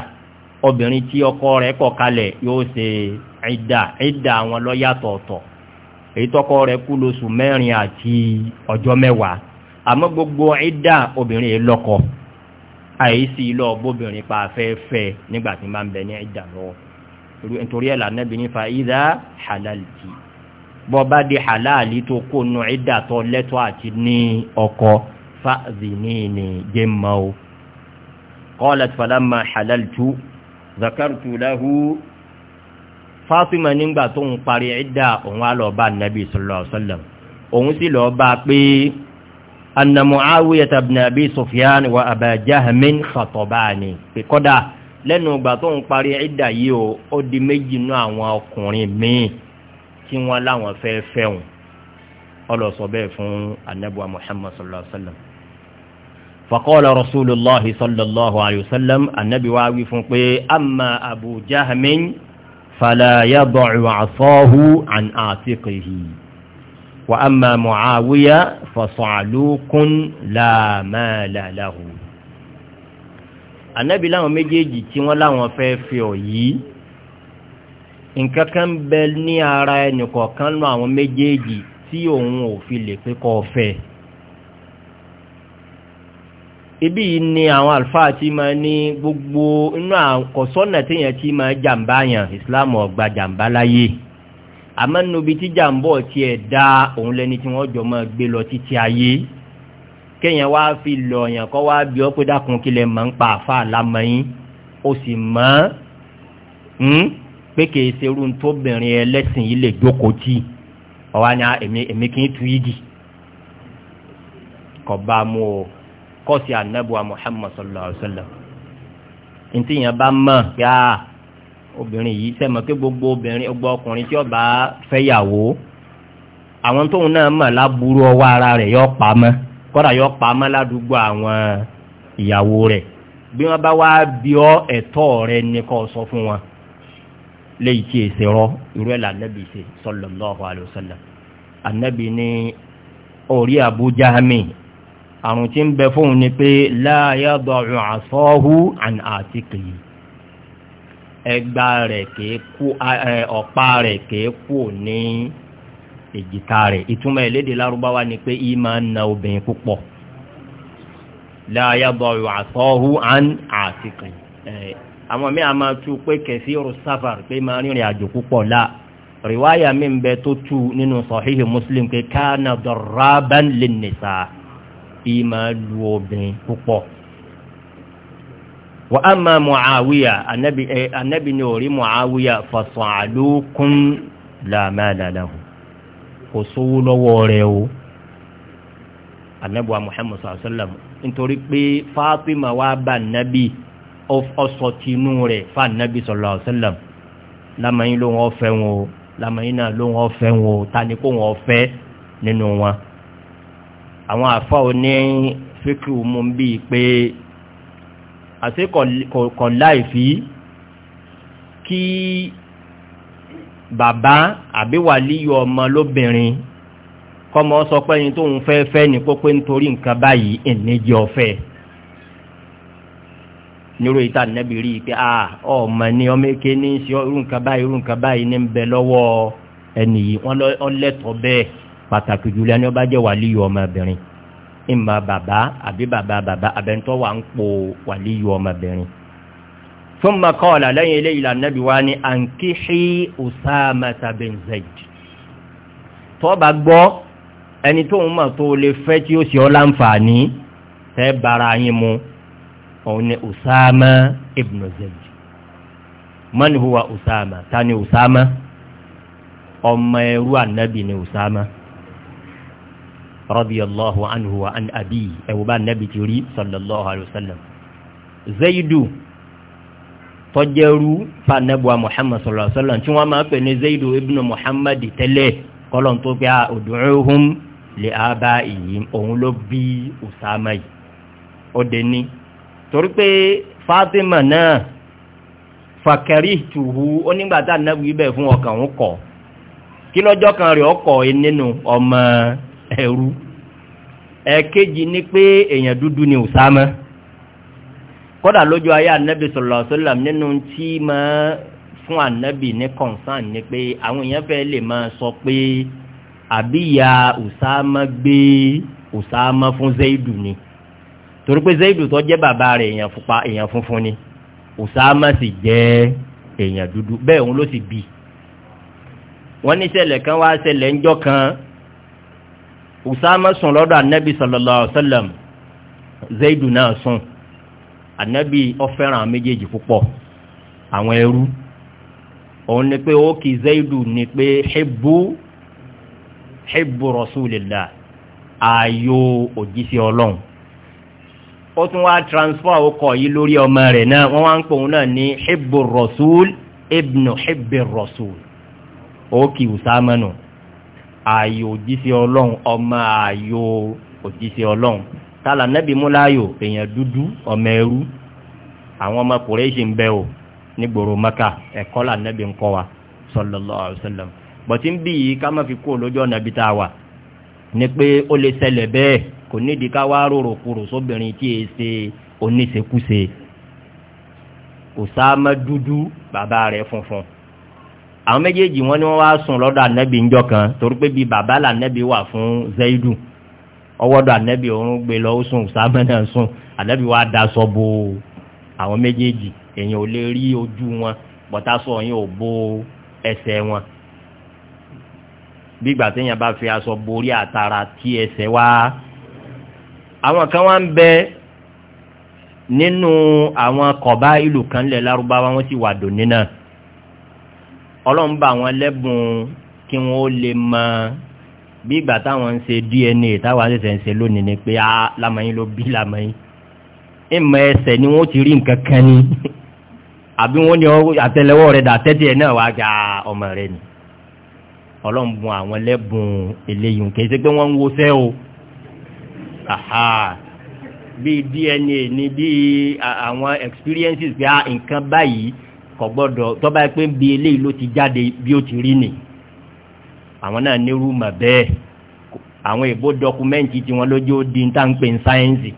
obìnrin tí ọkọ rẹ̀ kọ̀ kalẹ̀ yóò ìdà ìdà àwọn lọ́yàtọ̀ ọ̀tọ̀ èyí tọ́kọ rẹ̀ kú lóṣù mẹ́rin àti ọjọ́ mẹ́wàá àmọ́ gbogbo ìdà obìnrin yìí lọ́kọ àìsí ilé ọgbóbìnrin pa afẹ́fẹ́ nígbà tí máa ń bẹ ní ìdà lọ́wọ́ nítorí ẹ̀ lànàbí ní fa ìdá halalti bọ́ bá di halali tó kó nu ìdà tó lẹ́tọ́ àti ní ọkọ fa'zinini jẹ́mọ́ o qalat falamma halaltu Fátímà nígbà tó ń parí ẹ̀dà òun á lọ bá nàbí sallallahu alaihi wasallam òun sì lọ bá pé anna Mu'awiyah ibn Abi Sufyan wa Aba Jahmin khatabani pé kọ́dà lẹ́nu ìgbà tó ń parí ẹ̀dà yìí o ó di méjì nú àwọn ọkùnrin míì tí wọ́n láwọn fẹ́ fẹ́hùn ọlọ́sọ bẹ́ẹ̀ fún anabuwa Muhammad sallallahu alaihi wasallam fàkọ́lá rasulullahi sallallahu alaihi wasallam annabi wa wí fún pé amma فلا يضع عصاه عن عاتقه وأما معاوية فصعلوك لا مال له Ànábì láwọn méjèèjì tí wọ́n láwọn fẹ́ fi ọ̀ yìí nǹkan kan bẹ ní ara ẹnìkọ̀ọ̀kan lọ àwọn méjèèjì tí òun ò fi lè pé kọ́ fẹ́ ẹ̀ ibi yìí ni àwọn àlùfáà ti máa ní gbogbo inú àkọsọ́nà téèyàn ti máa jàǹbá yàn islam ọgbà jàǹbá láyé àmọ́ nínú ibi tí jàǹbọ̀ tiẹ̀ dá òun lẹni tí wọ́n jọ máa gbé lọ títí ayé kéèyàn wá fi lọ yàn kọ́ wá bí ọ́ pé dákun kí lẹ mọ̀ ń pa àfa àlámọ́yìn ó sì mọ̀ ń hmm, pé kìí serú tóbìnrin ẹlẹ́sìn yìí lè jókòó tì ọ̀wá ni ah, èmi kì í tu yìí kọ́ bá mú o kọ́ọ̀sì anabuwa muhammad sallallahu alayhi wa sallam ntí yẹn bá mọ̀ yá obìnrin yìí sẹ́mọ̀ pé gbogbo obìnrin gbogbo ọkùnrin tí ó bá fẹ́yàwó àwọn tóun náà mọ̀ láburú ọwọ́ ara rẹ̀ yọ pa mọ́ kọ́dà yọ pa mọ́ ládùúgbò àwọn ìyàwó rẹ̀ bí wọ́n bá wá bí ọ ẹ̀tọ́ rẹ̀ ní kó sọ fún wọn léyìí tí èsì rọ irú ẹ̀ lànàbì ṣe sallallahu alayhi wa sallam ànàbì ní orí Abu Jahmi àrùn tí ń bẹ fóun ni pé láàyè dọ̀rùn àsọ́hù and àtìkì ẹgbà rẹ̀ kìí kú ọ̀pá rẹ̀ kìí kú ní èjìká rẹ̀ ìtumọ̀ ìlédè lárúbáwá ni pé yìí máa ń na obìnrin púpọ̀ láàyè dọ̀rùn àsọ́hù àwọn a pé kẹsí pé máa rìnrìn àjò púpọ̀ riwaya mi ń bẹ tó muslim pé lè tí máa lu obìnrin púpọ̀ wa ama muawiya anabi ẹ anabi ni orí muawiya fasan alukun lamadalahu kò sówó lọ́wọ́ rẹ̀ o anabi wa muhammad sallallahu alaihi wa sallam nítorí pé fatima wa bá anabi ọsọ tinú rẹ̀ fa anabi sallallahu alaihi wa sallam lamẹ́yìn ló ń wọ́n fẹ́ wọn o lamẹ́yìn náà ló ń wọ́n fẹ́ wọn o ta ni kó wọ́n fẹ́ nínú wọn àwọn àfa òní fíkì mú bí i pé àti kọ̀ láìfí kí bàbá àbí wàlíyọ ọmọ lóbìnrin kọmọ sọ pé ẹni tóun fẹ́ fẹ́ ní pópé nítorí nǹkan báyìí ìníjì ọ̀fẹ́ nírò ìta nẹ́bí rí i pé ọmọ ni ọmọ èké ní ṣe irú nǹkan báyìí irú nǹkan báyìí ní ń bẹ lọ́wọ́ ẹnìyí wọ́n lẹ́tọ̀ọ́ bẹ́ẹ̀ pàtàkì jùlọ ẹni ọba jẹ́ wàlíyù ọmọbìnrin ìmọ̀ bàbá àbí bàbá bàbá abẹ́ntọ́ wà ń po wàlíyù ọmọbìnrin. ثم قال لن إلى النبي واني أنكحي أسامة بن زيد tó bá gbọ́ ẹni tó ń mọ̀ tó lè fẹ́ tí ó sì ọ́ láǹfààní tẹ́ bára yín mu òun ni Usama ibn Zayd man ta ni Usama ọmọ ẹrú ànábì ni Usama radiyallahu anhu wa an abi ẹ̀wọ̀ bá nẹ́bi ti rí sallallahu alayhi wa sallam zaidu tọ́jẹ́rú fa nẹ́bùa muhammad sallallahu alayhi wa sallam tí wọ́n máa pè ní zaidu ibnu muhammad tẹ́lẹ̀ kọ́lọ̀ tó pé ud'uhum li abaihim òun ló bí usama yìí ó dé ní torí pé fatima náà fàkẹ́rì tùhú ó nígbà tá nẹ́bù fún ọkàn òun kọ̀ kí lọ́jọ́ kan rẹ̀ ọkọ̀ nínú ọmọ ẹ̀rú ẹ̀kejì ni pé èèyàn dúdú ni Usama kódà lójú ayé anabi sallallahu alaihi wasallam nínú tí máa fún anabi ní concern ni pé àwọn èèyàn fẹ́ lè máa sọ pé àbíyá Usama gbé Usama fún Zaidu ni torí pé Zaidu tó jẹ́ bàbá rẹ̀ èèyàn pupa èèyàn funfun ni Usama sì jẹ́ èèyàn dúdú bẹ́ẹ̀ òun ló sì bí wọ́n ní ṣẹlẹ̀ kan wá ṣẹlẹ̀ ńjọ́ kan usama sùn lọ́dọ̀ anabi sallallahu alaihi wasallam. sallam zaidu náà sùn anabi ó fẹ́ràn àwọn méjèèjì púpọ̀ àwọn ẹrú òun ni pé ó kì zaidu ni pé hibbu hibbu rasulillah Ayo òjíṣẹ́ ọlọ́run ó tún wá transfer ọkọ̀ yìí lórí ọmọ rẹ̀ náà wọ́n wá ń pè òun náà ní hibbu rasul ibnu hibbu rasul ó kì usama nù ààyò òjíṣẹ́ ọlọ́run ọmọ ààyò òjíṣẹ́ ọlọ́run tálà nẹ́bí múláyò èèyàn dúdú ọmọ ẹrú àwọn ọmọ kùrẹ́ṣì ń bẹ o nígboro maka ẹ̀kọ́ là nẹ́bí ń kọ́ wa sallallahu alaihi wasallam bọ̀tí ń bí yìí ká má fi kú lójú ọ̀nà bí tá a wà ni pé ó lè ṣẹlẹ̀ bẹ́ẹ̀ kò nídìí ká wá rorò kúrò sóbìnrin tí èé ṣe oníṣekúṣe Usama dúdú bàbá rẹ̀ funfun àwọn méjèèjì wọn ni wọ́n wá sùn lọ́dọ̀ ànẹ́bì ńjọ kan torí pé bí bàbá lànẹ́bì wà fún zaidu ọwọ́dọ̀ ànẹ́bì òun gbé lọ ó sùn sámẹ́ náà sùn ànẹ́bì wá daṣọ bo àwọn méjèèjì èèyàn ò lè rí ojú wọn bọ́tásọ yín ò bo ẹsẹ̀ wọn bí ìgbà téèyàn bá fi aṣọ borí àtàrà tí ẹsẹ̀ wá. àwọn kan wá ń bẹ nínú àwọn kọ̀bá ìlú kan lẹ̀ lárúbáwá wọ́n sì wà dòní náà ọlọ́run bá wọn lẹ́bùn kí wọ́n lè mọ bí ìgbà táwọn ń ṣe dna táwọn àṣẹṣẹ ń ṣe lónìí ni pé á ah, lamọ̀yìn ló bí lamọ̀yìn ìmọ̀ ẹsẹ̀ ni wọ́n ti rí nǹkan kan ní <laughs> àbí wọ́n ní àtẹ́lẹwọ́ rẹ̀ dà tẹ́tí ẹ̀ náà wàá gba ah, ọmọ rẹ̀ ni ọlọ́run bùn àwọn lẹ́bùn eléyìí kì í ṣe pé wọ́n ń wọṣẹ́ o bíi dna ni bíi àwọn experiences pé ah, nǹkan báyìí kò gbọ́dọ̀ tọ́ba pé bí eléyìí ló ti jáde bí ó ti rí nì àwọn náà nírú mà bẹ́ẹ̀ àwọn èbó dọkumẹ́ǹtì tiwọn lójú ó di níta ń pè ní sáyẹ́ǹsì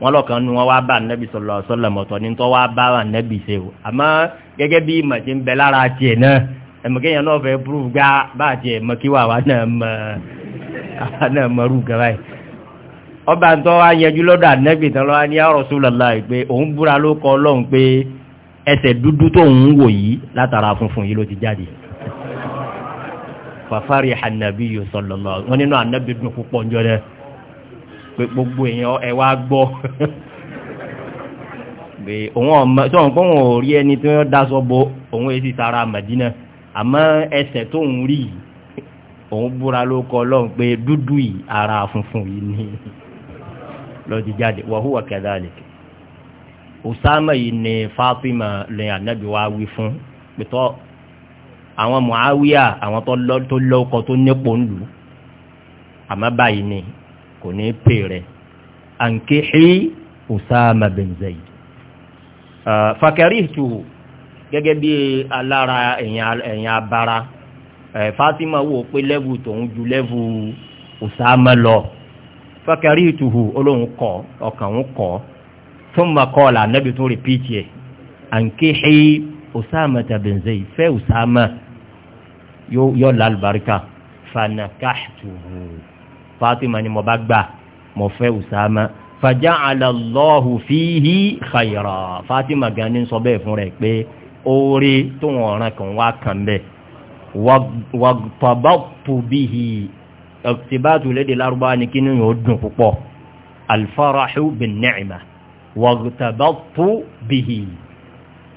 wọn lọ́kàn nu wọn wá bá ànábì sọlọ sọlọ mọtọ ní tọ wá bá ànábì ṣe o àmọ́ gẹ́gẹ́ bí màtí ń bẹ lára tiẹ̀ náà ẹmọkẹyàn náà fẹ́ púrúf gá bá tiẹ̀ mọkíwà wa náà mọ àwa náà mọ rú gàrà ọba ń tọ́ wa yẹjú lọ́dọ̀ ànábì tán lọ́wọ́ ní àròsùn lọ́la yìí pé òun búra ló kọ́ ọlọ́run pé ẹsẹ̀ dúdú tó ń wò yìí látara funfun yìí ló ti jáde fàfárí ànàbí yìí sọlọlọ wọn nínú ànàbí dùn púpọ̀ njọ́ dẹ pé gbogbo èèyàn ẹ wá gbọ́ pé òun ọmọ tí wọn kọ́ wọn ò rí ẹni tí wọn dá sọ́bọ̀ òun èsì sára Màdínà àmọ́ ẹsẹ̀ tó ń rí yìí òun búra ló kọ lọ́hùn pé dúdú yìí ara funfun yìí ni ló ti jáde wàhùwà kẹdàlẹ́kẹ̀. Usama yìí ni Fatima lẹ́yìn anabi wa wí fún pẹ̀tọ́ àwọn Muawiya àwọn tó lọ́kọ̀ tó nípò ń lù àmọ́ báyìí ni kò ní pè rẹ̀ ànkìhí Usama bin Zayd uh, fakarihtu gẹ́gẹ́ bí alára ẹ̀yìn abara Fatima wò pé lẹ́vù tòun ju lẹ́vù Usama lọ fakarihtu olóhùn kọ ọkàn òun kọ́ thumma qala ànábì tún rìpíìtì ẹ̀ ànkéhé Usama bin Zayd fẹ́ Usama yóò lálùbáríkà fanakahtuhu Fatima ni mo bá gbà mo fẹ́ Usama faja'ala Allahu fihi khayra Fatima gan ni sọ bẹ́ẹ̀ fún rẹ̀ pé oore tó wọn ọ̀ràn kan wá kàn bẹ́ẹ̀ wàgbàbàtù bihi lédè lárúbáwá ni kí ni yóò dùn púpọ̀ alfarahu bin ni'ma wàgùtàbàtú bìhì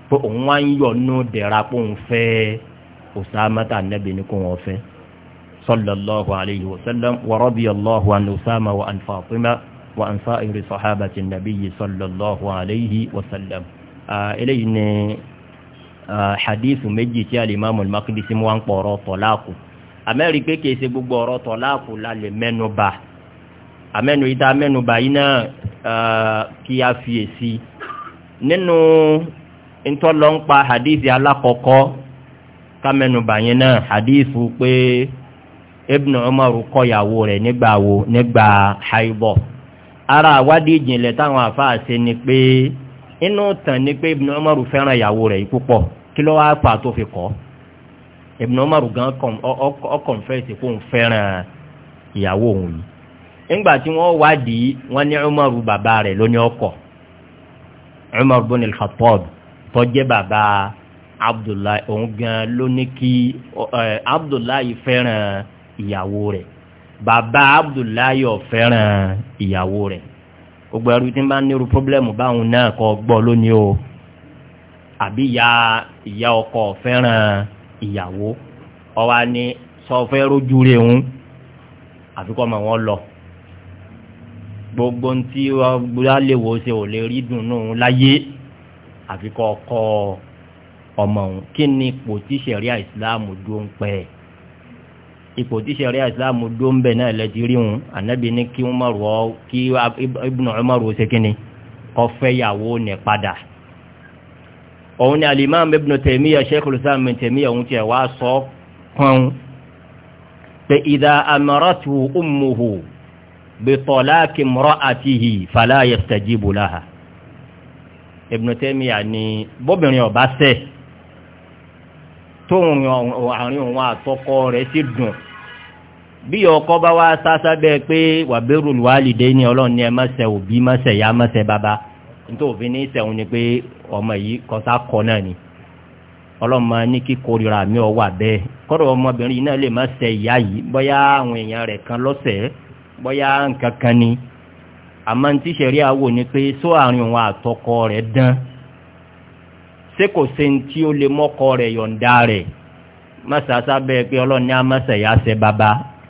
pé òun wá ń yọ̀nù dẹ̀ra pé òun fẹ́ Usama tá nẹ́bi ní kó wọn fẹ́ sallallahu alayhi wa sallam wa radiyallahu an Usama wa an Fatima wa an sa'iri sahabati nabiyyi sallallahu alayhi wa sallam eléyìí ni hadith méjì tí alimami Maqdisi mú wa ń pọ̀ ọ̀rọ̀ tọ̀láàkù amẹ́rìí gbogbo ọ̀rọ̀ tọ̀láàkù la lè mẹ́nu bà. amenụta amenụba tá amẹ́nu náà kí a fi èsì nínú ntọ́lọ́ hadith alákọ̀ọ́kọ́ kámẹ́nu náà hadith pé ibnu umar kọ́yàwó rẹ̀ nígbà nígbà haibọ̀ ara àwádìí ìjìnlẹ̀ táwọn àfáà ni pé inú tàn ni pé ibnu umar fẹ́ràn ìyàwó rẹ̀ púpọ̀ kí ló wá pa tó fi kọ́ gan ọkọ̀ ń fẹ́ ńgbà tí wọ́n wádìí wọ́n ní Umaru bàbá rẹ̀ ló ní ọkọ̀ Umar bin al-Khattab tó jẹ́ bàbá Abdullahi òun gan ló ní kí Abdullahi fẹ́ràn ìyàwó rẹ̀ bàbá Abdullahi ò fẹ́ràn ìyàwó rẹ̀ gbogbo ẹrú tí ń bá nírú pọ́blẹ́mù báwọn náà kọ́ gbọ́ lónìí o àbí ìyá ìyá ọkọ fẹ́ràn ìyàwó ọwa ni sọ fẹ́ rójú rẹ̀ ń àfikọ́ mọ̀ wọ́n lọ gbogbo ntí gbúdálẹ̀wò ṣe ò lè rí dùnú láyé àfi kọ́ ọkọ ọmọ òun kí ni ipò tí sẹ̀ríà ìsìláàmù dúró ń pẹ́ ẹ̀ ipò tí sẹ̀ríà ìsìláàmù dúró ń bẹ̀ náà lẹ́tí rí hun ànábì ní kí Umar ó kí Ibn Umar ó ṣe kíni kọ́ fẹ́yàwó nẹ̀ padà òun ni alimami Ibn Taymiyyah Sheikhul Islam Ibn òun tiẹ̀ wá sọ pọ́n pé idha amaratu ummuhu bitolaki mura'atihi fala yastajibu laha ibn taymiya ni bobirin oba se to won arin won wa toko re ti dun bi oko ba wa sasa be pe wa birul walidaini olon ni ma se bi ma se ya ma se baba nto bi ni se won ni pe omo yi ko sa ko na ni ma ni korira mi o wa be koro omo obirin na le ma se ya yi boya awon eyan re se bóyá nǹkan kan ni àmọ́ ní tí sẹ̀rí àwò ni pé só àárín òun àtọkọ rẹ̀ dán ṣé kò ṣe ní tí ó lè mọ́kọ rẹ̀ yọ̀ǹda rẹ̀ mọ́sàásá bẹ́ẹ̀ pé ọlọ́run ní amọ́sẹ̀yà bàbá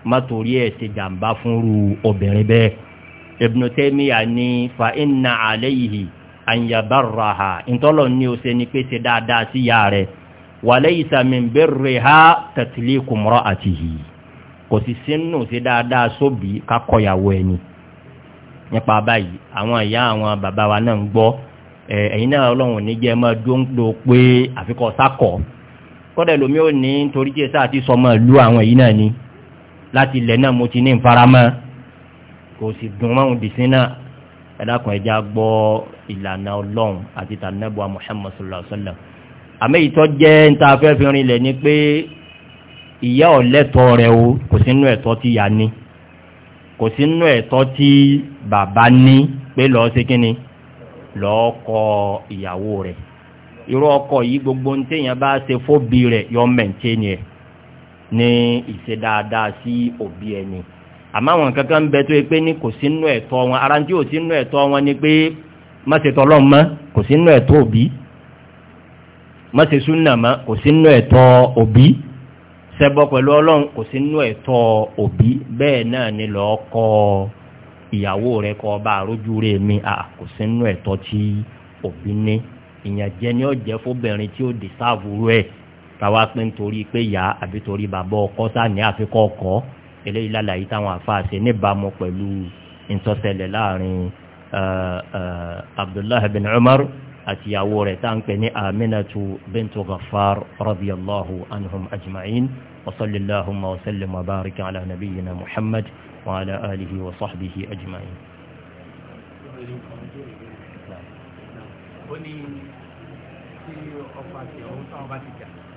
mọ́tòrí ẹ̀ ṣe jàǹbá fúnru obìnrin bẹ́ẹ̀ Ibn Taymiyyah ní fa inna alayhi anyabarraha ntọ́lọ̀ ní o ṣe ni pé ṣe dáadáa sí ìyá rẹ̀ wa laysa min birriha tatliqu kò sì sínú sí dáadáa sóbì kakọyàwó ẹni nípa báyìí àwọn ìyá àwọn bàbá wa náà ń gbọ́ ẹ̀yin náà ọlọ́run ní jẹ́ máa dúró ń lo pé àfikọ́ sákọ̀ kọ́dẹ̀ lómi ò ní torí kí ẹ sáà ti sọmọ ìlú àwọn èyí náà ni láti ilẹ̀ náà mo ti ní ìfaramọ́ kò sì dùn mọ́hun dìsín náà ẹ̀dàkùn ẹja gbọ́ ìlànà ọlọ́run àti tànàbọ̀ Muhammad sallallahu alaihi wasallam àmì ìtọ́jẹ́ ń ta afẹ́fẹ́ rinlẹ̀ ni pé ìyá ọ̀lẹ́tọ̀ rẹ̀ o kò sínú ẹ̀tọ́ tí ya ní kò sínú ẹ̀tọ́ tí bàbá ní pé lọ́ọ́ ṣe kí ni ìyàwó rẹ̀ irú ọkọ yìí gbogbo ní téèyàn bá ṣe fóbi rẹ̀ yọ mẹ̀ǹtẹ́ ni ẹ̀ ní ìṣe dáadáa sí òbí ẹni àmọ́ àwọn kankan ń bẹ tó yẹ pé ní kò sínú ẹ̀tọ́ wọn ara tí ò sínú ẹ̀tọ́ wọn ni pé má ṣe tọ́lọ́ mọ́ kò sínú ẹ̀tọ́ òbí má ṣe súnà mọ́ kò sínú ẹ̀tọ́ òbí. ṣẹbọ pẹ̀lú ọlọ́run kò sí nínú ẹ̀tọ́ òbí bẹ́ẹ̀ náà ni lọ́ọ́ kọ ìyàwó rẹ̀ kọ ọba àrójú rẹ̀ mi à kò sí nínú ẹ̀tọ́ tí òbí ní ìyànjẹ ni ó jẹ́ fóbìnrin tí ó dìsáàbù rẹ̀ káwá pé nítorí pé ìyá àbí torí bàbá ọkọ sáni àfikọ́ ọkọ eléyìí lálàyé táwọn àfáàṣe níbàámu pẹ̀lú ìtọ́sẹ̀lẹ̀ láàrin Abdullahi bin Umar àti ìyàwó rẹ̀ tá ń pè ní Aminatu bintu Ghaffar radiyallahu anhum ajma'in وصل اللهم وسلم وبارك على نبينا محمد وعلى آله وصحبه أجمعين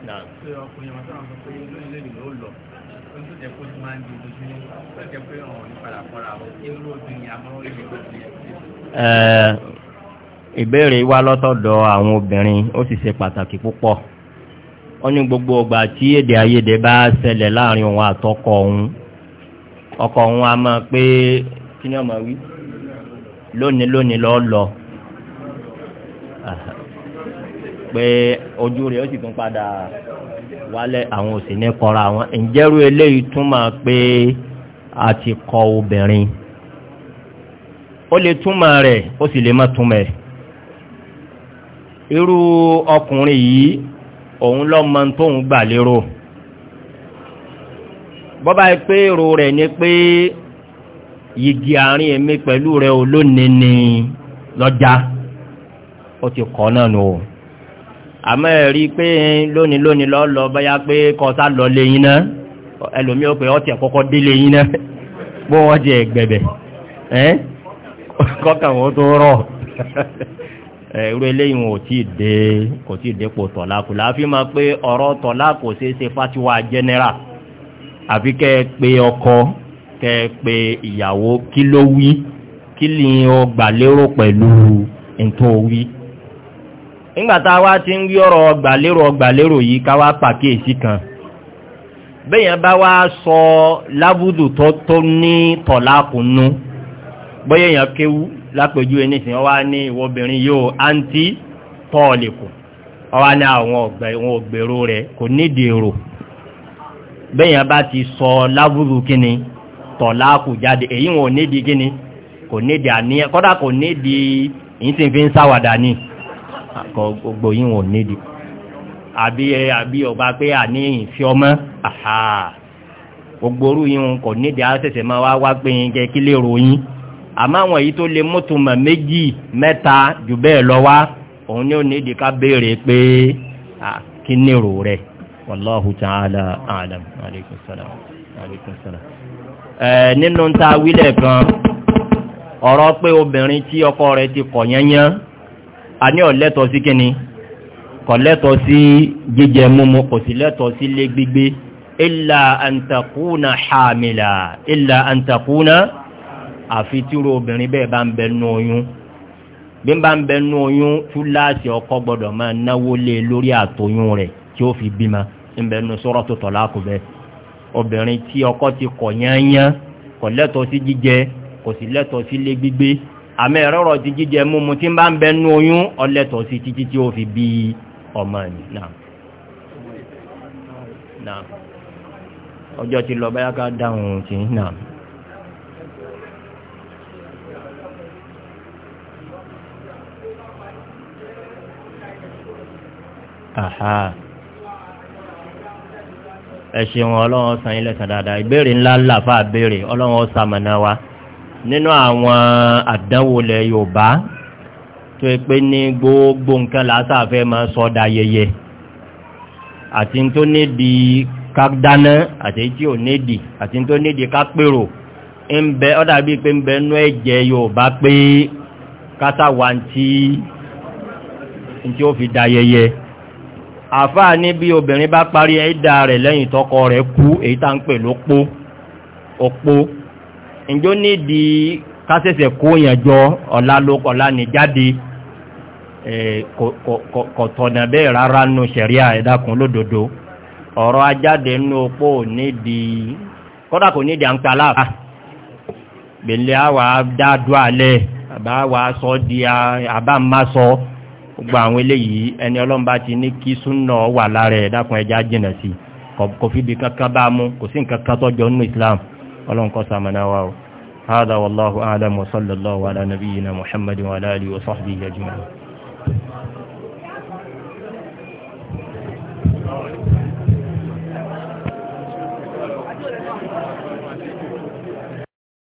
Náà. Ṣé ọkùnrin ọmọ sáwọn sọ pé lóyún lónìí ló lọ? Ó ń tó jẹ́ kó ti máa ń di ojoojúmọ́. Ó jẹ́ pé ọ̀hún ní padà fọ́ra ọ̀. Irú obìnrin ni àmọ́ orí ìgbà tó yẹ. Ìbéèrè wá lọ́tọ̀dọ̀ àwọn obìnrin ó sì ṣe pàtàkì púpọ̀. wọ́n gbogbo ọgbà tí èdè àìyedè bá ṣẹlẹ̀ láàrin òun àtọkọ òun ọkọ òun a máa pé kí ni ọmọ wí lónìí lónìí lọ lọ pé ojú rẹ̀ ó sì tún padà wálẹ̀ àwọn òsì ní kọra àwọn ìjẹ́rú eléyìí túmọ̀ pé a ti kọ obìnrin ó lè túmọ̀ rẹ̀ ó sì lè má túmọ̀ irú òun lọ́mọ tóun gbà lérò bọ́bá pé èrò rẹ̀ ni pé yìgì àárín èmi pẹ̀lú rẹ̀ olónìí ni lọ́jà ó ti kọ́ náà nù o àmọ́ ẹ̀rí pé lónìí lónìí lọ́ lọ báyá pé kọ́sá lọ léyìn náà ẹlòmí ó pé ọtí ẹ̀kọ́kọ́ dé léyìn náà bó wọ́n jẹ ẹgbẹ̀bẹ̀ ẹ́ kọ́kàn tó rọ̀ <laughs> irú eléyìí o tí dé kò tọ̀láàkù pe máa pé ọ̀rọ̀ tọ̀láàkù ṣe ṣe fásiwá jẹ́nẹ́rà àfi kẹ́ pé ọkọ kẹ́ pé ìyàwó kí ló wí kí o lérò pẹ̀lú ti ń rí ọ̀rọ̀ yìí pàkíyèsí kan bẹ́yẹn bá wá sọ lábùdù tó tó ní tọ̀láàkù nú bóyá kéwú lápẹjú ẹnìsìn ọwá ní ìwọ́bìnrin yóò àǹtí pọ́ọ̀lì kù ọwá ní àwọn ògbèrò rẹ̀ kò nídìí èrò bẹ́yàn bá ti sọ lábúrú kíni tọ̀lá kù jáde èyí wọn ò nídìí kíni kò nídìí àníyàn kọ́dà kò nídìí èyí tí fi ń sáwàdà ní gbogbo yìí wọn ò nídìí àbí àbí ọba pé àníyàn fi ọmọ àhà gbogbo orú yìí wọn kò nídìí á ṣẹ̀ṣẹ̀ máa wá wá pé yín jẹ́ kílé ròyìn. àmọ́ àwọn èyí tó lè mọ́tòmọ̀ méjì mẹ́ta jù bẹ́ẹ̀ lọ wá òun ni ó ní ìdíká béèrè pé kí ní rò rẹ̀ wallahu ta'ala a'lam alaykum salam alaykum salam nínú ta wílẹ̀ kan ọ̀rọ̀ pé obìnrin tí ọkọ rẹ̀ ti kọ̀ yányán a ní ọ̀lẹ́tọ̀ sí kíni kọ̀ lẹ́tọ̀ sí jíjẹ múmu kò sí lẹ́tọ̀ sí lé gbígbé illa an takuna hamila illa an àfi tíru obìnrin bẹ́ẹ̀ bá ń bẹ nú oyún bí ń bá ń bẹ nú oyún túláàsì ọkọ gbọdọ̀ máa náwó lé e lórí àtoyún rẹ̀ tí ó fi bímọ ń bẹ nú sọ́rọ́ tó tọ̀lá kò bẹ́ẹ̀ obìnrin tí ọkọ ti kọ̀ yányán kò lẹ́tọ̀ sí jíjẹ kò sì sí lé ti jíjẹ múmu tí ń bá ń bẹ nú oyún fi bí ọmọ ẹ̀ aha ẹ ṣeun ọlọ́run san ilẹ̀ san dáadáa ìbéèrè ńlá ńlá fà béèrè ọlọ́run wa nínú àwọn àdánwò yorùbá tó yẹ pé ní gbogbo nǹkan làásàfẹ́ máa sọ dayẹyẹ àti tó ní di ká àti tí ò ní di àti tó ní di ká pèrò ń bíi pé ń nú ẹ̀jẹ̀ yorùbá pé àfáà ní bí obìnrin bá parí ẹ̀dà rẹ̀ lẹ́yìn tọkọ rẹ̀ kú èyí tá ń pè lópó òpó ìjọ nídìí kásẹ̀sẹ̀ kó yẹn jọ ọ̀la ló kọ̀la ní jáde kò tọ̀nà bẹ́ẹ̀ rárá nù sẹ̀ríà ẹ̀dàkùn lódodo ọ̀rọ̀ ajáde nù òpó nídìí kódà kò nídìí à gbèlè àwà dádúà lẹ̀ àbá wà sọ di àbá má sọ gbogbo àwọn eléyìí ẹni ọlọ́mbà ti ní kí súnà wà lára ẹ̀ dákun ẹja jìnà sí kò fi bí kankan bá mú kò sí nǹkan kan tọ́jọ́ nínú islam ọlọ́nkọ́ sàmánà o hádà wàláhù àdàmù sọlọ́lọ́ wàlá nàbíyìnà muhammadu wàlá àlì wàsọ́ọ̀bì yẹn jùlọ.